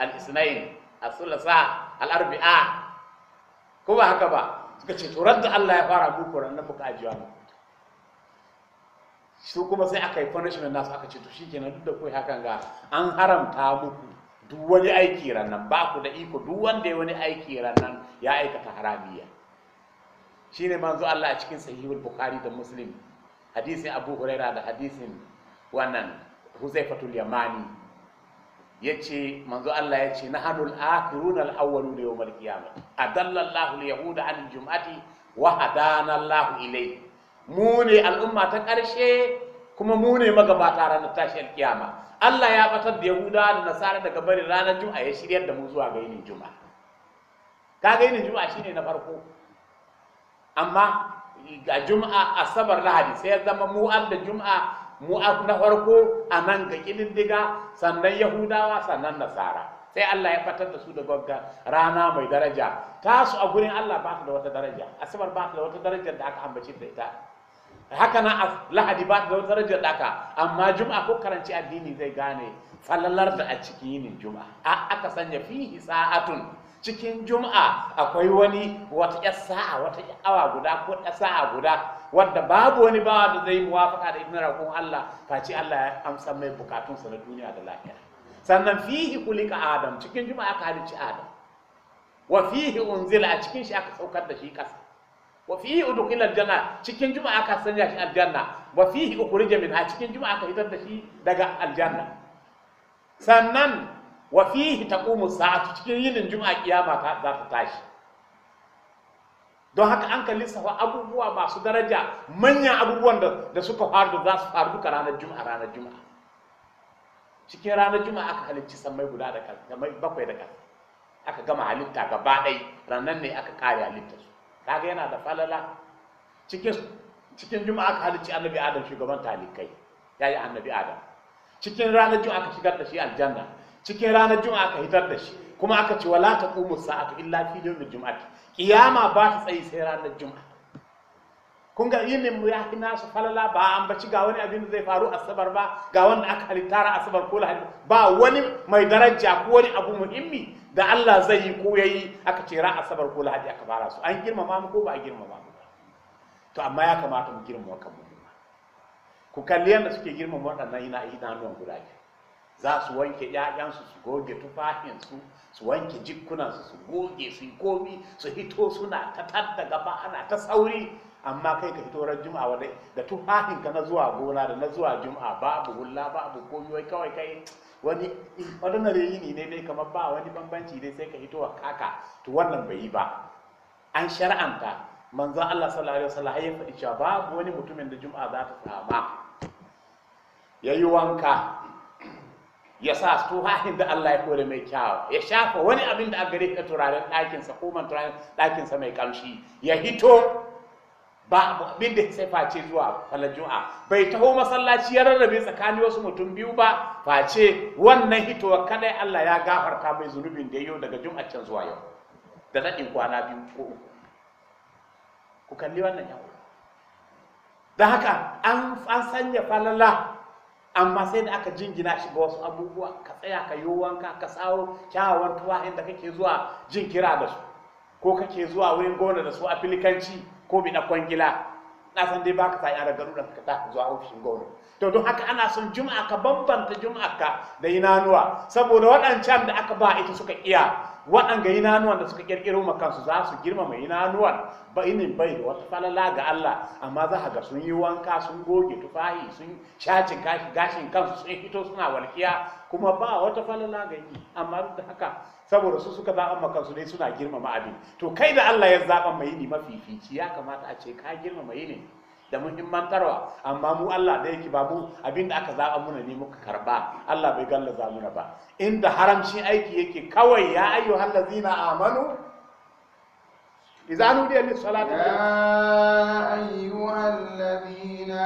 al-isnain al sulasa al-arbi'a ko ba haka ba suka ce to da Allah ya fara buku ran ajiya su kuma sai aka yi punishment nasu aka ce to shikenan duk da kai hakan ga an haramta muku duk wani aiki nan ba ku da iko duk wanda ya wani aiki ranan ya aikata haramiya shine manzo Allah a cikin sahihul bukhari da muslim hadisin abu huraira da hadisin wannan huzaifatul yamani yace manzo Allah yace nahanul akhiruna al-awwaluna da al-qiyamah adalla Allahu al-yahuda an jum'ati wa hadana Allahu mu ne al'umma ta karshe kuma mu ne magabata ranar tashin kiyama Allah ya batar da Yahuda da Nasara daga bari ranar jum'a ya shiryar da mu zuwa ga jum'a. Ka kaga yinin shine na farko amma a Juma'a Asabar Lahadi sai ya zama mu da Juma'a mu na farko a nan ga diga sannan yahudawa sannan nasara sai Allah ya fatar da su da gagga rana mai daraja tasu a gurin Allah ba su da wata daraja asabar ba su da wata daraja da aka ambaci da ita haka na lahadi ba su da wata daraja da aka amma juma'a ko karanci addini zai gane falalar da a cikin yinin juma'a a aka sanya fihi sa'atun cikin juma'a akwai wani wata sa'a wata awa guda ko sa'a guda wanda babu wani bawa da zai muwafaka da ibnu rakun Allah face Allah ya amsa mai bukatunsa na duniya da lahira sannan fihi kulika adam cikin juma'a aka halicci adam wa fihi unzila a cikin shi aka saukar da shi kasa wa fihi udkhila aljanna cikin juma'a aka sanya shi aljanna wa fihi ukhrija minha a cikin juma'a aka fitar da shi daga aljanna sannan wa fihi taqumu sa'atu cikin yinin juma'a kiyama za ta tashi don haka an kalli safa abubuwa masu daraja manyan abubuwan da suka faru da za su faru duka ranar juma'a ranar juma'a cikin ranar juma'a aka halicci sammai guda da kalmai bakwai da kalmai aka gama halitta gaba ɗai ranar ne aka kare halitta su kaga yana da falala cikin cikin juma'a aka halicci annabi adam shugaban talikai ya yi annabi adam cikin ranar juma'a aka shigar da shi aljanna cikin ranar juma'a aka hitar da shi kuma aka ce wala taqumu sa'atu illa fi yawmil jum'ati kiyama ba ta tsayi sai ranar juma'a kun ga yinin mu ya fi nasu falala ba an baci ga wani abin da zai faru asabar ba ga wanda aka halittara asabar ko lahadi ba wani mai daraja ko wani abu muhimmi da Allah zai yi ko yayi aka ce ra asabar ko lahadi aka fara su an girmama mu ko ba a girmama mu to amma ya kamata mu girmama kanmu ku kalli yadda suke girmama waɗannan na idanuwan guda biyu za su wanke 'ya'yansu su goge tufafinsu su wanke jikuna su goge su yi komi su hito suna ta da gaba ana ta sauri amma kai ka hito ran juma'a wadai da tufafin ka na zuwa gona da na zuwa juma'a babu hulla babu komi wai kawai kai wani ordinary yini ne dai kamar ba wani bambanci dai sai ka hito wa kaka to wannan bai yi ba an shar'anta manzo Allah sallallahu alaihi wasallam ya faɗi cewa babu wani mutumin da juma'a za ta sama yayi wanka ya sa tuhahin da Allah ya kore mai kyawa. ya shafa wani abin da gare ka turaren ɗakinsa ko man turaren ɗakinsa mai kamshi ya hito ba abin da sai face zuwa falar juma'a bai taho masallaci ya rarrabe tsakanin wasu mutum biyu ba face wannan hitowa kadai Allah ya gafarta mai zunubin da yau daga juma'a can zuwa yau da daɗin kwana biyu ko uku ku kalli wannan yau da haka an sanya falala amma sai da aka jingina shi ga wasu abubuwa ka tsaya ka yi wanka ka tsawo kyawawan tuwa inda kake zuwa jin kira da su ko kake zuwa wurin gona da su a filikanci ko bi na kwangila na san dai baka sa yara garuda ka ta zuwa ofishin gona to don haka ana son juma'a ka bambanta juma'a ka da inanuwa saboda waɗancan da aka ba ita suka iya waɗanga inanuwan da suka kirkiro ma kansu za su girmama inanuwan ba inin bai da wata falala ga Allah amma za ga sun yi wanka sun goge tufahi sun shacin gashin kansu sun fito suna walƙiya kuma ba wata falala ga yi amma da haka saboda su suka zaɓa ma kansu suna girmama abin to kai da Allah ya zaɓa mai ne mafifici ya kamata a ce ka girmama ne. da muhimmantarwa amma mu Allah da yake ba mu abinda aka zaba muna ne muka karba Allah bai gallaza muna ba inda haramcin aiki yake kawai ya ayu hallazina amanu idan nudiya lis salatu ya ayyuhallazina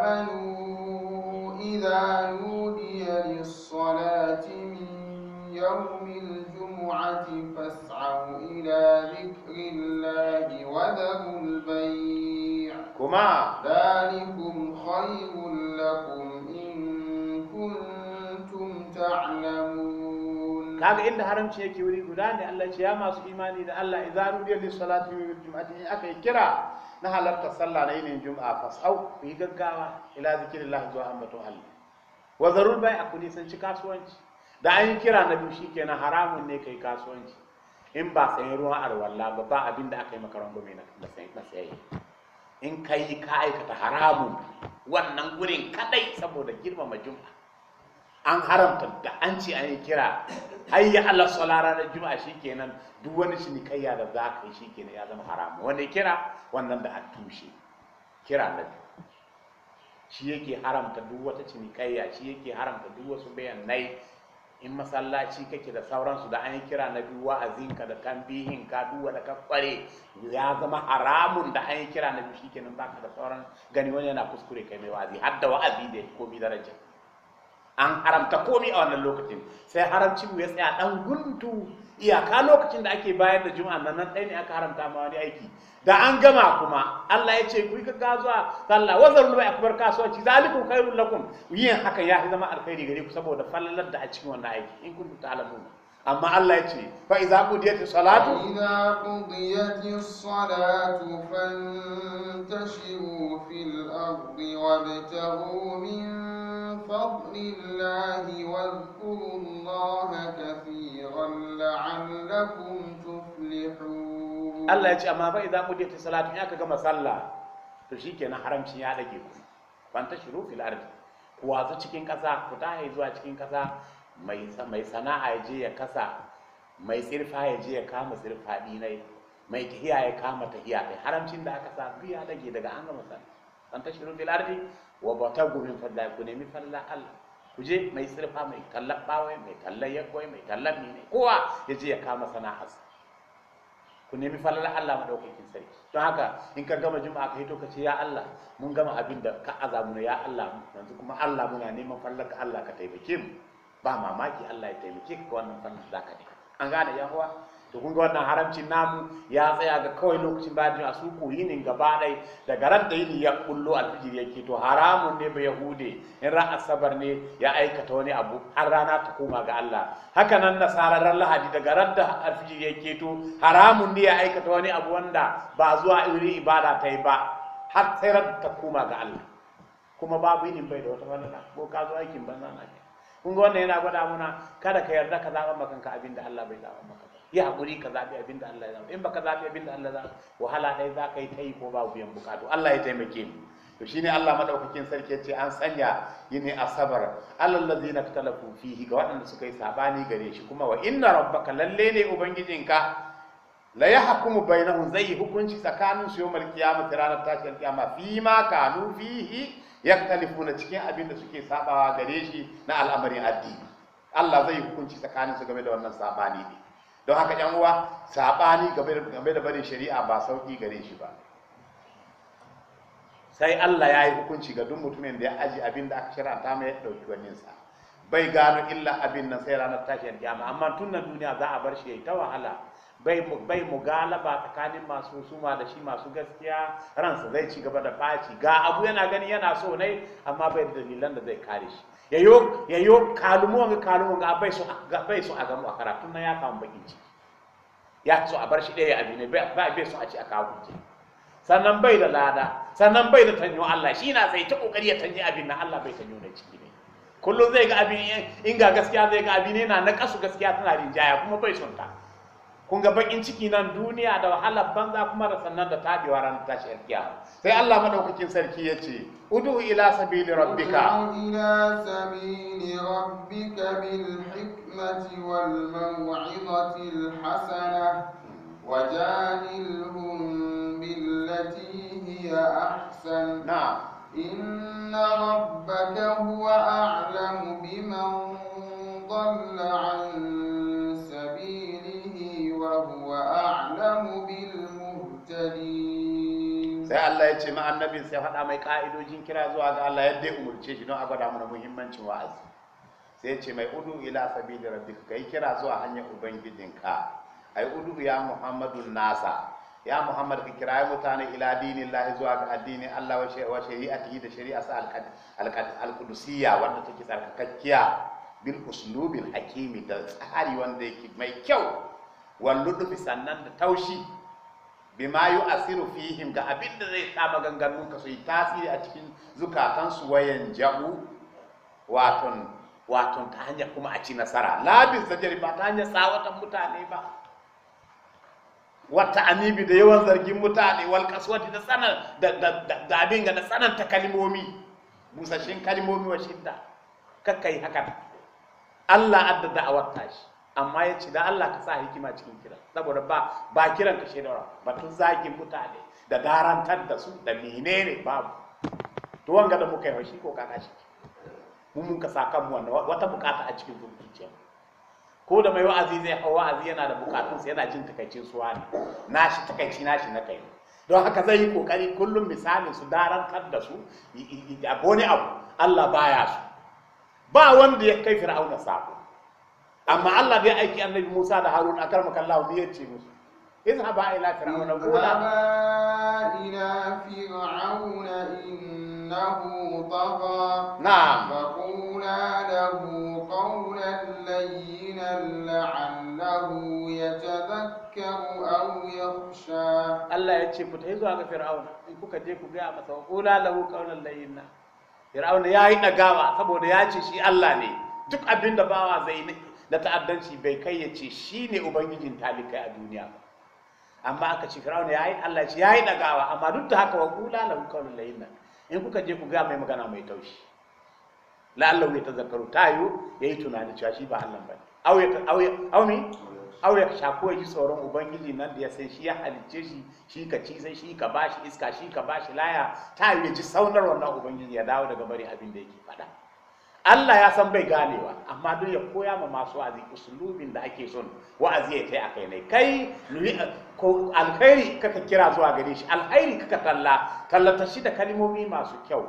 amanu idza nudiya lis salati min yawmil jum'ati fas'au ila dhikrillahi wa dharul bayt kuma dalikum khayrun ta'lamun kaga inda haramci yake wuri guda ne Allah ce ya masu imani da Allah idza nudiya lis salati yawmil jum'ati in aka kira na halarta sallah na yinin jum'a fasau ku yi gaggawa ila zikrillah zuwa Allah wa bai a kudi ci kasuwanci da an yi kira na biyu kenan haramun ne kai kasuwanci in ba sayan ruwan arwalla ba ba abin da aka yi makaron na sayi in ka yi ka aikata haramu wannan gurin kadai saboda girmama juma'a an haramta da an ce an yi kira hayya Allah sala ranar juma'a shikenan duk wani cinikayya da za ka yi shikenan ya zama haramu Wani kira wannan da an tushe kira na shi yake haramta duk wata cinikayya shi yake haramta duk wasu bayanai in masallaci kake da sauransu da an yi kira na biyu wa'azinka da tambihin ka duwa da ka ya zama haramun da an yi kira na biyu shi kenan baka da sauran gani wani yana kuskure kai mai wa'azi har da wa'azi da komi daraja an haramta komi a wannan lokacin sai haramcin ya tsaya dan guntu iyaka lokacin da ake bayar da juma'a nan nan ɗaya ne aka haramta ma wani aiki da an gama kuma Allah ya ce ku ka zuwa sallah wa zarul bai akbar kasuwanci zalikum khairul lakum yin haka ya zama alkhairi gare ku saboda fallalar da a cikin wannan aiki in kuntum ta'lamun amma Allah ya ce fa idza qudiyat salatu idza qudiyat salatu fantashiru fil ardi wabtahu min fadlillahi wadhkurullaha kathiran la'allakum tuflihun Allah ya ce amma fa idza qudiyat salatu in aka gama sallah to shikenan haramcin ya dage ku fantashiru fil ardi ku wazo cikin kasa ku tahe zuwa cikin kasa mai sana'a ya je ya kasa mai tsirfa ya je ya kama tsirfa dinai mai tahiya ya kama tahiya kai haramcin da aka sa duk ya dage daga an gama san an tashiru fil ardi wa batagu min falla ku nemi falla Allah ku je mai tsirfa mai kallon bawai mai kallon yankwai, mai tallan mine kowa ya je ya kama sana'a ku nemi falla Allah madaukakin sarki don haka in ka gama juma'a ka hito ka ce ya Allah mun gama abin da ka azamu ya Allah yanzu kuma Allah muna neman fallaka ka Allah ka taimake mu ba mamaki Allah ya taimake ka wannan fannin zaka ne an gane yan uwa to kun ga wannan haramcin namu ya tsaya ga kawai lokacin bayan a su yinin gaba dai da ran da yini ya kullo alfijir yake to haramun ne ba yahude in ran asabar ne ya aikata wani abu har rana ta koma ga Allah haka nan nasara ran lahadi da ran da alfijir yake to haramun ne ya aikata wani abu wanda ba zuwa iri ibada ta yi ba har sai ran ta koma ga Allah kuma babu yin bai da wata wannan ko ka zo aikin banza na kun ga wannan yana gwada mana kada ka yarda ka zaɓa maka abinda Allah bai zaɓa maka ba yi haƙuri ka zaɓi abinda Allah ya zaɓa in baka zaɓi abinda Allah ya wahala ɗaya za ka yi ta yi ko ba yan bukatu Allah ya taimake mu to shine Allah madaukakin sarki ya ce an sanya yini asabar alal ladina talafu fihi ga waɗanda suka yi sabani gare shi kuma wa inna rabbaka lalle ne ubangijinka la yahkumu bainahum zai hukunci tsakanin su yawmal qiyamah ranar tashin qiyama fi ma kanu fihi yaktalifuna cikin abin da suke sabawa gare shi na al'amarin addini Allah zai hukunci tsakanin su game da wannan sabani ne don haka yan uwa sabani game da barin shari'a ba sauki gare shi ba sai Allah ya yi hukunci ga duk mutumin da ya aji abin da aka shari'anta mai ya dauki wannan sa bai gano illa abin nan sai ranar tashiyar kiyama amma tun na duniya za a bar shi ya yi ta wahala bai mu galaba tsakanin masu suma da shi masu gaskiya ransa zai ci gaba da faci ga abu yana gani yana so ne amma bai da dalilan da zai kare shi yayo yayo kalumu ga kalumu ga bai so ga bai so a gamu a karatun na ya kawo bakin ciki ya so a bar shi ɗaya abi ne bai bai so a ci a kawo sannan bai da lada sannan bai da tanyo Allah shi na sai ta kokari ya tanyi abin na Allah bai tanyo da ciki ne kullum zai ga abin in ga gaskiya zai ga abin ne na na kasu gaskiya tana rinjaya kuma bai son ta kun ga bakin ciki nan duniya da wahalar banza kuma da sannan da tabewa ran tashi alkiya sai Allah madaukakin sarki ya ce udu ila sabili rabbika ila sabili rabbika bil hikmati wal maw'izati al hasana wajadilhum billati hiya ahsan na'am inna rabbaka huwa a'lamu biman dhalla 'an وهو أعلم بالمهتدين sai Allah ya ce ma annabin sai faɗa mai ƙa'idojin kira zuwa ga Allah yadda ya umurce shi don a gwada mana muhimmancin wa'azi sai ya ce mai udu ila sabili rabbika kai kira zuwa hanyar ubangijinka ai udu ya muhammadu nasa ya muhammad ka kira mutane ila dinin lahi zuwa ga addinin Allah wa shari'atihi da sa al-qudusiyya wanda take tsarkakakkiya bil uslubil hakimi da tsari wanda yake mai kyau walludufi sannan da taushi bima yu asiru fihim ga abin da zai sa maganganun ka su yi tasiri a cikin zukatansu wayan ja'u waton waton ta hanyar kuma a ci nasara labin zajari ba ta hanyar tsawatan mutane ba wata anibi da yawan zargin mutane wal kaswati da sanar da da abin ga da tsananta kalmomi busashin kalmomi wa shidda kakai haka Allah adda da'awar tashi amma ya ce da Allah ka sa hikima cikin kira saboda ba ba kiran ka shedara tun zagin mutane da darantar da su da menene babu to wanga da muka yi shi ko kaka shi mun mun ka sa kanmu wannan wata bukata a cikin zuciya ko da mai wa'azi zai hau wa'azi yana da bukatunsa yana jin takaicin suwa ne nashi takaici nashi na kai don haka zai yi kokari kullum misalin su darantar da su wani abu Allah baya su ba wanda ya kai fir'auna sako amma Allah bai aiki annabi Musa da Harun a karmaka Allah bai yace musu izhaba ila fir'auna qula ila fir'auna innahu tagha na'am qula lahu qawlan layyinan la'allahu yatadhakkaru aw yakhsha Allah yace ku tafi zuwa ga fir'auna in kuka je ku ga masa qula lahu qawlan layyinan fir'auna yayi dagawa saboda ya shi Allah ne duk abinda bawa zai na ta'addanci bai kai ya ce shi ne ubangijin talikai a duniya ba amma aka ce firawuna ya yi allah ya yi ɗagawa amma duk da haka wa kula lahu layin nan in kuka je ku ga mai magana mai taushi la'allahu ya tazakaru yi ya yi tunani cewa shi ba allah ba ne au shako ya ji tsoron ubangiji nan da ya san shi ya halicce shi shi ka ci sai shi ka bashi iska shi ka bashi laya tayo ya ji saunar wannan ubangiji ya dawo daga bari abin da yake faɗa Allah ya san bai ganewa amma don ya koya ma masu wa'azi usulubin da ake son wa'azi ya kai akai ne kai alkhairi kaka kira zuwa gare shi alkhairi kaka talla tallata shi da kalmomi masu kyau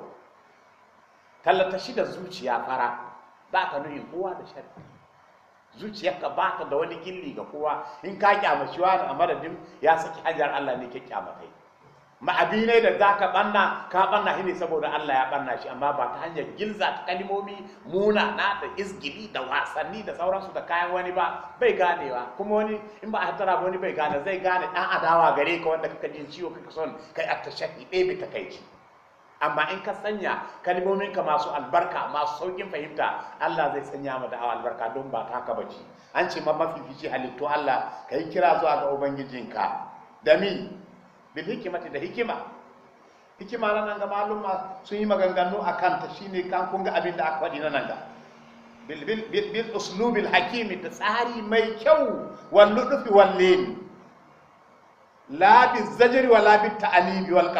tallata shi da zuciya fara ba ka nuni kowa da sharri zuciyarka ba ka da wani gilli ga kowa in ka kyamaci wani a madadin ya saki hanyar Allah ne ke kyamatai ma'adinai da za ka ɓanna ka ɓanna shi ne saboda Allah ya ɓanna shi amma ba ta hanyar gilza ta kalimomi muna na da izgili da wasanni da sauransu da kayan wani ba bai ganewa kuma wani in ba a hattara wani bai gane zai gane ɗan adawa gare ka wanda kaka jin ciwo kaka son kai a ɗebe ta kai amma in ka sanya ka masu albarka masu saukin fahimta Allah zai sanya ma da'awa albarka don ba ta haka ci an ce ma fice halittu Allah ka yi kira zuwa ga ubangijinka da mi bil hikimati da hikima hikima na nanga ga malumma sun yi maganganu a kanta shine kan kunga ga abin aka faɗi na nanga ga bil bil uslubil hakimi da tsari mai kyau wal ludufi wal lin la bi zajri wala bi ta'anibi wal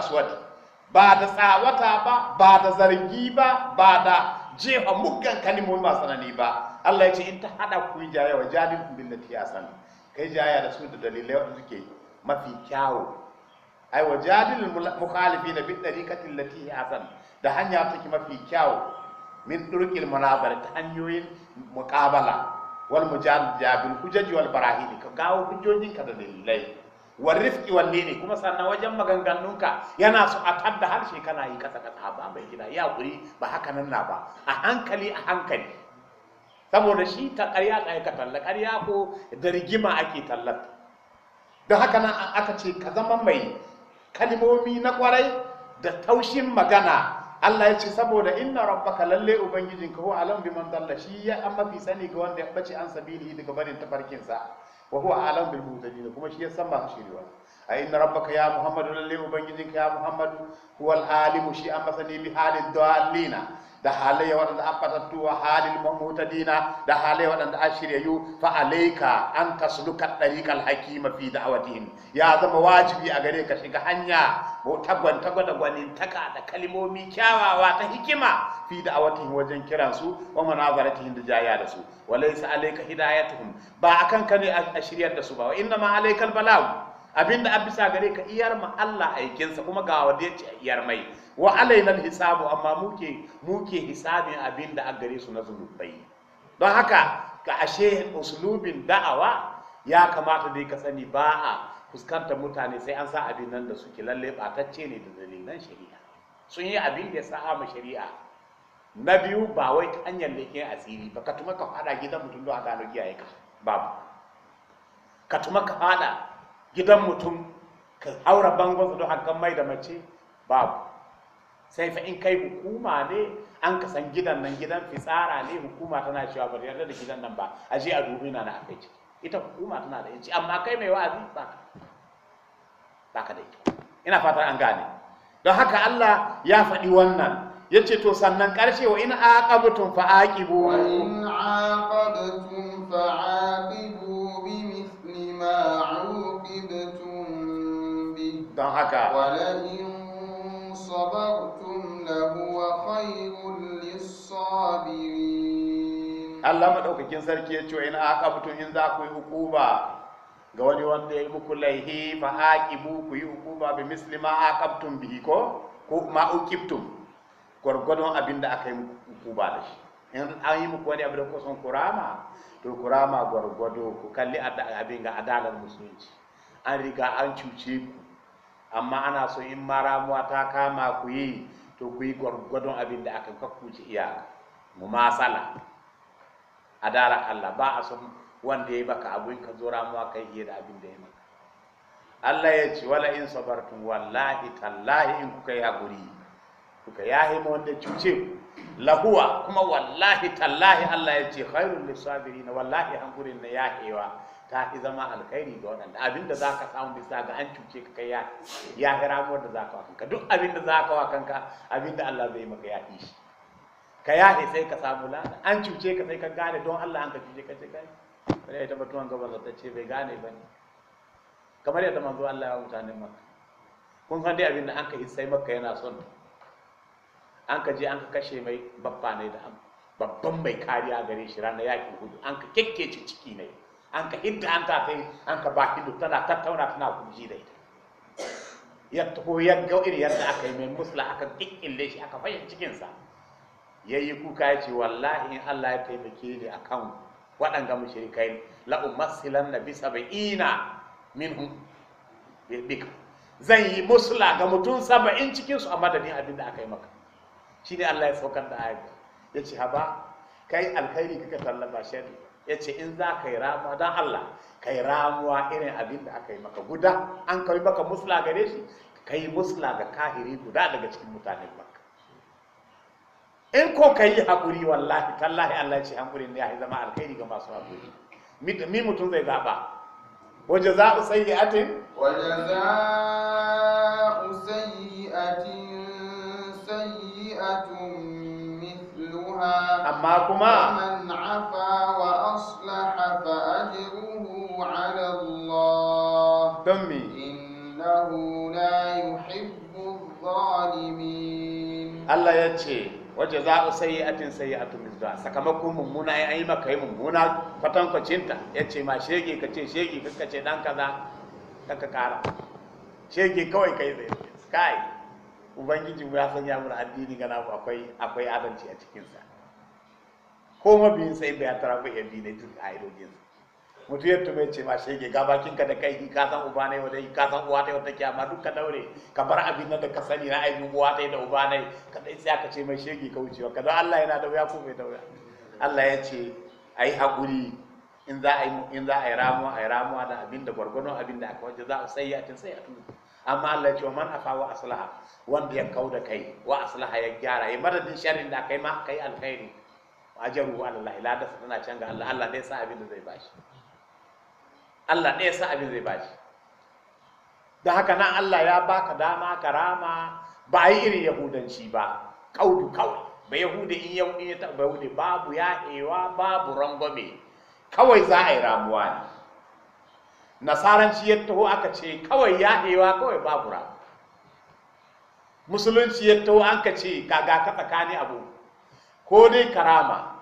ba da tsawata ba ba da zargi ba ba da jefa muggan kalimomi ma sanani ba Allah ya ce in ta hada ku jayawa jaya wa jadin kai jaya da su da dalilai wanda suke mafi kyawu ai wa jadilul mukhalifina bi tariqati allati hasan da hanya take mafi kyau min turqil munabar ta hanyoyin muqabala wal mujadala bil hujaj wal barahin ka gawo hujjojin ka da dalilai wal rifqi wal nini kuma sannan wajen maganganunka yana so a tadda harshe kana yi kasa kasa ba mai gida ya kuri ba haka nan na ba a hankali a hankali saboda shi ta ƙarya tsaye ka talla ƙarya ko da rigima ake tallata don haka nan aka ce ka zama mai Kalimomi na kwarai da taushin magana Allah ya ce saboda inna rabbaka lalle ubangijinka huwa alam biman dalla shi ya amma fi sani ga wanda ya bace an sabili daga barin tafarkin sa wa huwa alam bil mutadin kuma shi ya san ba shi riwa a inna rabbaka ya muhammadu lalle ka ya muhammadu huwal alimu shi amma sani bi halid dallina da ya waɗanda an fatattu wa mamuta dina. da halai waɗanda an yi fa alaika an tasluka ɗariƙar hakima fi da'awatihim ya zama wajibi a gare ka shiga hanya ko tagwan tagwada gwanin taka da kalmomi kyawawa ta hikima fi da'awatihim wajen kiran su wa munazaratihim da jaya da su wa laysa alayka hidayatuhum ba akan ka ne a shiryar da su ba wa inna ma alaikal balag abinda abisa gare ka iyar ma Allah aikinsa kuma ga wanda ya ce iyar mai wa nan hisabu amma muke muke hisabin abin da a gare su na zunubai don haka ka ashe uslubin da'awa ya kamata dai ka sani ba a fuskantar mutane sai an sa abin nan da suke lalle batacce ne da dalilan shari'a sun yi abin da ya sa ma shari'a na biyu ba wai ta hanyar leken asiri ba ka tuma ka fada gidan mutum don a gano giyaye ka babu ka tuma ka fada gidan mutum ka haura bangon su don hakan mai da mace babu sai fa in kai hukuma ne an ka san gidan nan gidan fitsara ne hukuma tana cewa ba yarda da gidan nan ba a je a dubi na na kai ciki ita hukuma tana da yanci amma kai mai wa'azi ba ka ba ka da ita ina fatar an gane don haka Allah ya faɗi wannan yace to sannan ƙarshe wa in aqabtum fa aqibu in aqabtum fa aqibu bi mithli ma bi don haka madaukakin sarki ya ce aka aqabtum in za ku yi hukuma ga wani wanda ya yi muku laihi fa aqibu ku yi hukuma bi misli ma aqabtum bihi ko ko ma uqibtum gwargwadon abin da aka yi muku da shi in an yi muku wani abu da kusan kurama to kurama gwargwado ku kalli abin ga adalar musulunci an riga an cuce ku amma ana so in ma ramuwa ta kama ku yi to ku yi gwargwadon abin da aka kakuce iyaka mu masala adara Allah ba a san wanda ya baka abin ka zo ramuwa kai iya da abin da ya maka Allah ya ce wala in sabartum wallahi tallahi in kuka yi hakuri kuka yahi ma wanda cuce lahuwa kuma wallahi tallahi Allah ya ce lissabiri na wallahi hankurin na yahewa ta fi zama alkhairi ga waɗanda abin da za ka samu bisa ga an cuce ka kai ya mu da za ka wa kanka duk abin da za ka wa kanka abin da Allah zai maka ya shi ka yaɗe sai ka samu lada an cuce ka sai ka gane don Allah an ka cuce ka ce kai bare tabbatu an gabar da ce bai gane ba ne kamar yadda manzo Allah ya mutane maka kun san dai abin da an ka yi sai maka yana son an ka je an ka kashe mai babba ne da babban mai kariya gare shi ranar yaƙi hudu an ka kekkece ciki ne an ka hidda an ta kai an ka ba hindu tana tattauna tana kunji da ita ya taho ya ga irin yadda aka yi mai musla aka kikkille shi aka fayyace cikinsa ya yi kuka ya ce wallahi in Allah ya taimake ni a kan waɗanda mushrikai la'umassilan na bisa min minhum bika zan yi musula ga mutum saba'in cikinsu a madadin abin da aka yi maka shi ne Allah ya saukar da ayat ya ce haba kai alkhairi kika tallafa shari ya ce in za ka yi ramuwa don Allah ka yi ramuwa irin abin da aka yi maka guda an kawai maka musula gare shi ka yi musula ga kahiri guda daga cikin mutane ba in ko ka yi haƙuri wallahi tallahi Allah ce haƙurin ne ya zama alkhairi ga masu haƙuri mi mutum zai zaɓa waje za a sayi atin? waje za a sayi atin sayi atun mitluha amma kuma man afa wa aslaha fa ajruhu ala Allah don me innahu la yuhibbu zalimin Allah ya ce wajen za a sayi atin sayi atun misra sakamakon mummuna ya yi maka yi mummuna kwatankwacinta ya ce ma shege ka ce shege ka ce dan ta ka kara shege kawai kai zai kai ubangiji ya sanya mana addini gana akwai akwai adalci a cikinsa ko mabiyin sai bai tara ku addini duk a idojinsa mutu yadda mai ce ma shege ga ka da kai ka san uba ne wadai ka san uwa ta wata ke ma duk ka daure ka bar abin da ka sani na aibin uwa ta da uba ne ka dai sai aka ce mai shege ka wucewa ka Allah yana da wuya ko mai da wuya Allah ya ce ai hakuri in za a yi in za a yi ramuwa a yi ramuwa da abin da gwargwano abin da aka waje za a sai a tin sai a tun amma Allah ya ce man afa wa aslaha wanda ya kauda kai wa aslaha ya gyara ya madadin sharrin da kai ma kai alkhairi ajaru wa Allah ila da tana can ga Allah Allah dai sa abin da zai bashi Allah ɗaya sa abin zai bashi da haka nan Allah ya baka dama karama ba a yi irin yahudanci ba kaudu kawai ba yahude in yau in ba yahude babu yahewa babu rangwame kawai za a yi ramuwa ne nasaranci ya taho aka ce kawai yahewa kawai babu ramuwa musulunci ya taho an ka ce gaga ka tsakani abu ko dai karama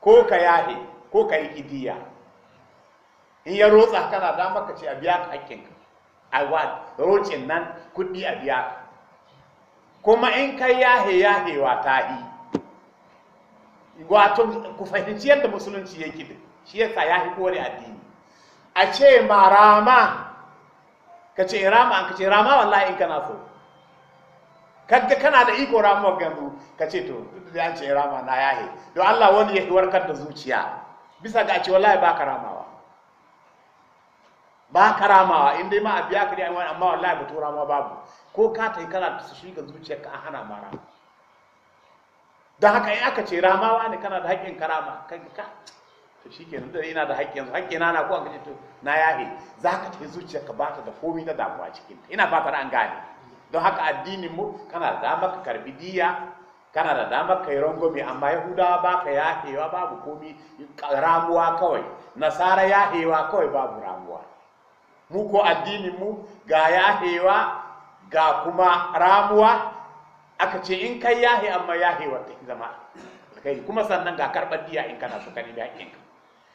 ko ka yahe ko ka yi idiya in ya rotsa kana da maka ce a biya ka hakkinka a wa rocin nan kuɗi a biya ka kuma in kai yahe yahewa ta yi wato ku fahimci yadda musulunci yake da shi yasa ya fi kore addini a ce ma rama ka ce rama an ka ce rama wallahi in kana so kaga kana da iko rama yanzu ka ce to duk da an ce rama na yahe don Allah wani ya warkar da zuciya bisa ga a ce wallahi baka ramawa ba karamawa in dai ma a biya ka dai amma wallahi ba tura ma babu ko ka tai kana su shiga zuciyarka a hana mara rama don haka in aka ce ramawa ne kana da haƙƙin karama kai ka to shikenan da ina da haƙƙin haƙƙi na na ko an kace to na yahe zaka tai zuciyarka ba ta da komai na damuwa cikin ina fatar an gane don haka addinin mu kana da dama ka karbi diya kana da dama ka yi rangwame amma yahudawa ba ka yahewa babu komi ramuwa kawai nasara yahewa kawai babu ramuwa mu ko addinin mu ga yahewa ga kuma ramuwa aka ce in kai yahe amma yahewa ta zama kai kuma sannan ga karɓar diya in kana so ka da haƙƙinka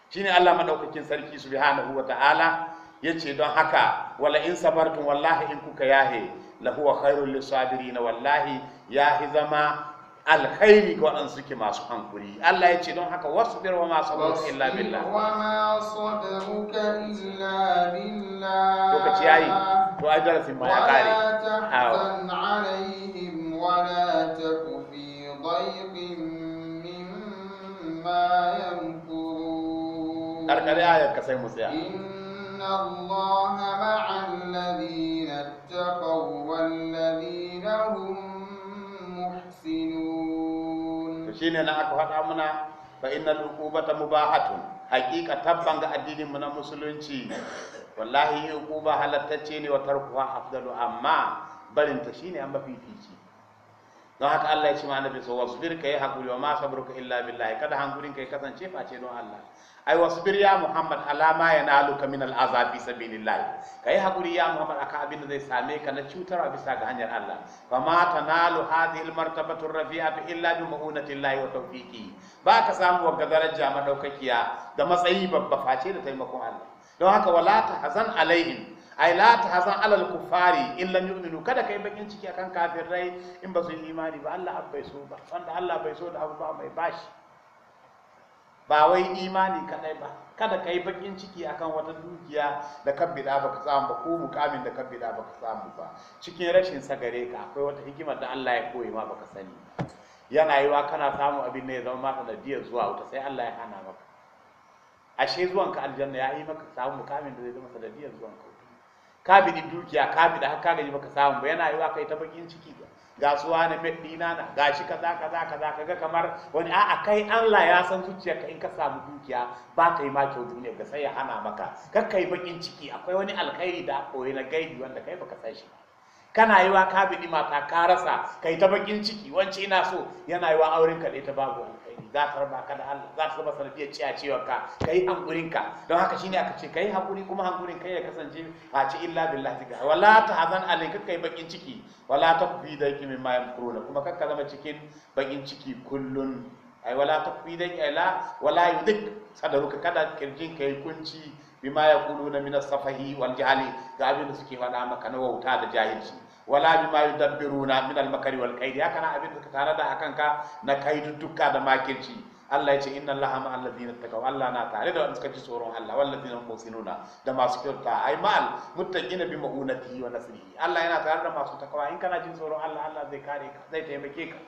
shine Allah madaukakin sarki subhanahu wa ta'ala yace don haka wala in sabartum wallahi in kuka yahe lahuwa khairul lisabirin wallahi yahi zama alkhairi ga waɗanda suke masu hankuri Allah ya ce don haka wasu wa masu sabaru illa billah wa ma sabaruka illa billah lokaci yayi to ai darasin ma ya kare hawa alaihim wa la taku fi dhayqin mimma yamkurun karkare ayar ka sai mu tsaya inna allaha ma'al ladina ittaqaw wal ladina shine na aka faɗa muna fa innal uqubata mubahatun haqiqa tabban ga addinin mu na musulunci wallahi uquba ce ne wa tarkuha afdalu amma barin barinta shine an mafifici don haka Allah ya ce ma annabi so wasbir kai hakuri wa ma sabruka illa billah kada hankurin kai kasance face don Allah ai wasbir ya muhammad alama yanaluka min azab bi sabilillah kai hakuri ya muhammad aka abin da zai same ka na cutar a bisa ga hanyar Allah fa ma tanalu hadhihi almartabatu rafi'a illa bi llahi wa tawfiqi ba ka samu wagga daraja madaukakiya da matsayi babba face da taimakon Allah don haka wala hazan alaihim ai la tahzan alal kufari in lam yu'minu kada kai bakin ciki akan kafirai in ba su yi imani ba Allah bai so ba wanda Allah bai so da abu ba mai bashi ba wai imani kadai ba kada kai bakin ciki akan wata dukiya da kan bida ka samu ba ko mukamin da kan bida ka samu ba cikin rashin sagare ka akwai wata hikimar da Allah ya koyi ma baka sani yana yiwa kana samun abin ne ya zama maka sanadiyar zuwa wuta sai Allah ya hana maka ashe zuwanka aljanna ya yi maka samun mukamin da zai zama sanadiyar zuwanka Kabinin dukiya kabi da haka gaji baka samu ba yana yiwa kai ta bakin ciki ga suwa na me dina na shi kaza kaza kaza kaga kamar wani a'a kai Allah ya san ka in ka samu dukiya ba kai ma kyau duniya ga sai ya hana maka kar kai bakin ciki akwai wani alkhairi da koyi na gaibi wanda kai baka san shi kana yiwa kabi ni mata ka rasa kai ta bakin ciki wance ina so yana yiwa auren ka ta babu wani za ta raba ka da Allah za ta zama sanadiyar ciya cewa ka kai hankurin ka don haka shi shine aka ce kai hankuri kuma hankurin kai ya kasance a ci illa billahi ga wala ta hazan kai bakin ciki wala ta fi da ki mai mayan kurona kuma kakka zama cikin bakin ciki kullun ai wala ta fi da ila wala yudik sadaruka kada kirjin kai kunci bima yaquluna min safahi wal jahli ga abin da suke faɗa maka na wauta da jahilci wala bima yudabbiruna min al-makari wal kaidi haka na abin da ka tare da hakan ka na dukka da makirci Allah ya ce inna Allaha ma alladhina taqaw Allah na tare da wanda suka ji tsoron Allah walladhina musinuna da masu kyauta ai mal muttaqina bi ma'unatihi wa nasrihi Allah yana tare da masu takawa in kana jin tsoron Allah Allah zai kare ka zai taimake ka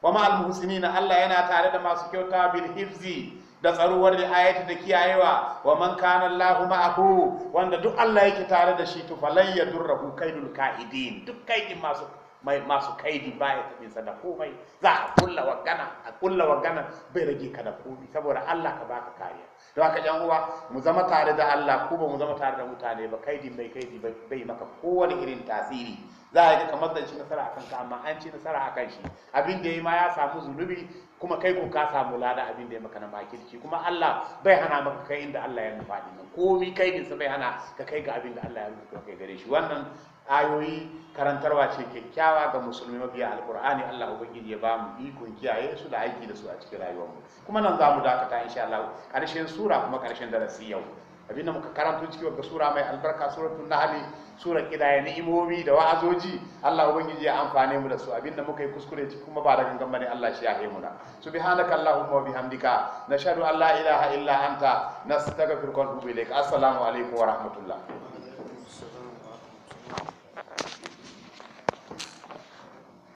wa ma al-muhsinina Allah yana tare da masu kyauta bil hifzi da tsaruwar riayati da kiyayewa wa man kana Allahu ma'ahu wanda duk Allah yake tare da shi to falan yadurruhu kaidul kaidin duk kaidin masu mai masu kaidi ba ya tafi sa da komai za a kulla wagana a kulla wagana bai rage ka da komai saboda Allah ka baka kariya don haka yan uwa mu zama tare da Allah ko ba mu zama tare da mutane ba kaidi mai kaidi bai maka kowane irin tasiri za a yi kamar zan ci nasara akan ka amma an ci nasara akan shi abin da ya yi ma ya samu zunubi kuma kai ko ka samu lada abin da ya maka na makirci kuma Allah bai hana maka kai inda Allah ya nufa din komi kai din bai hana ka kai ga abin da Allah ya nufa kai gare shi wannan ayoyi karantarwa ce kyakkyawa ga musulmi mabiya alkur'ani Allah ubangiji ya ba mu ikon kiyaye su da aiki da su a cikin rayuwar mu. kuma nan za mu dakata insha Allah karshen sura kuma karshen darasi yau abinda muka karanto cikin wata sura mai albarka suratul nahl sura kidaya ni'imomi da wa'azoji Allah ubangiji ya amfane mu da su abinda muka yi kuskure ciki kuma ba da gangan bane Allah shi ya haye mu da subhanaka allahumma wa bihamdika nashhadu an la ilaha illa anta nastaghfiruka wa atubu ilaik assalamu alaikum wa rahmatullah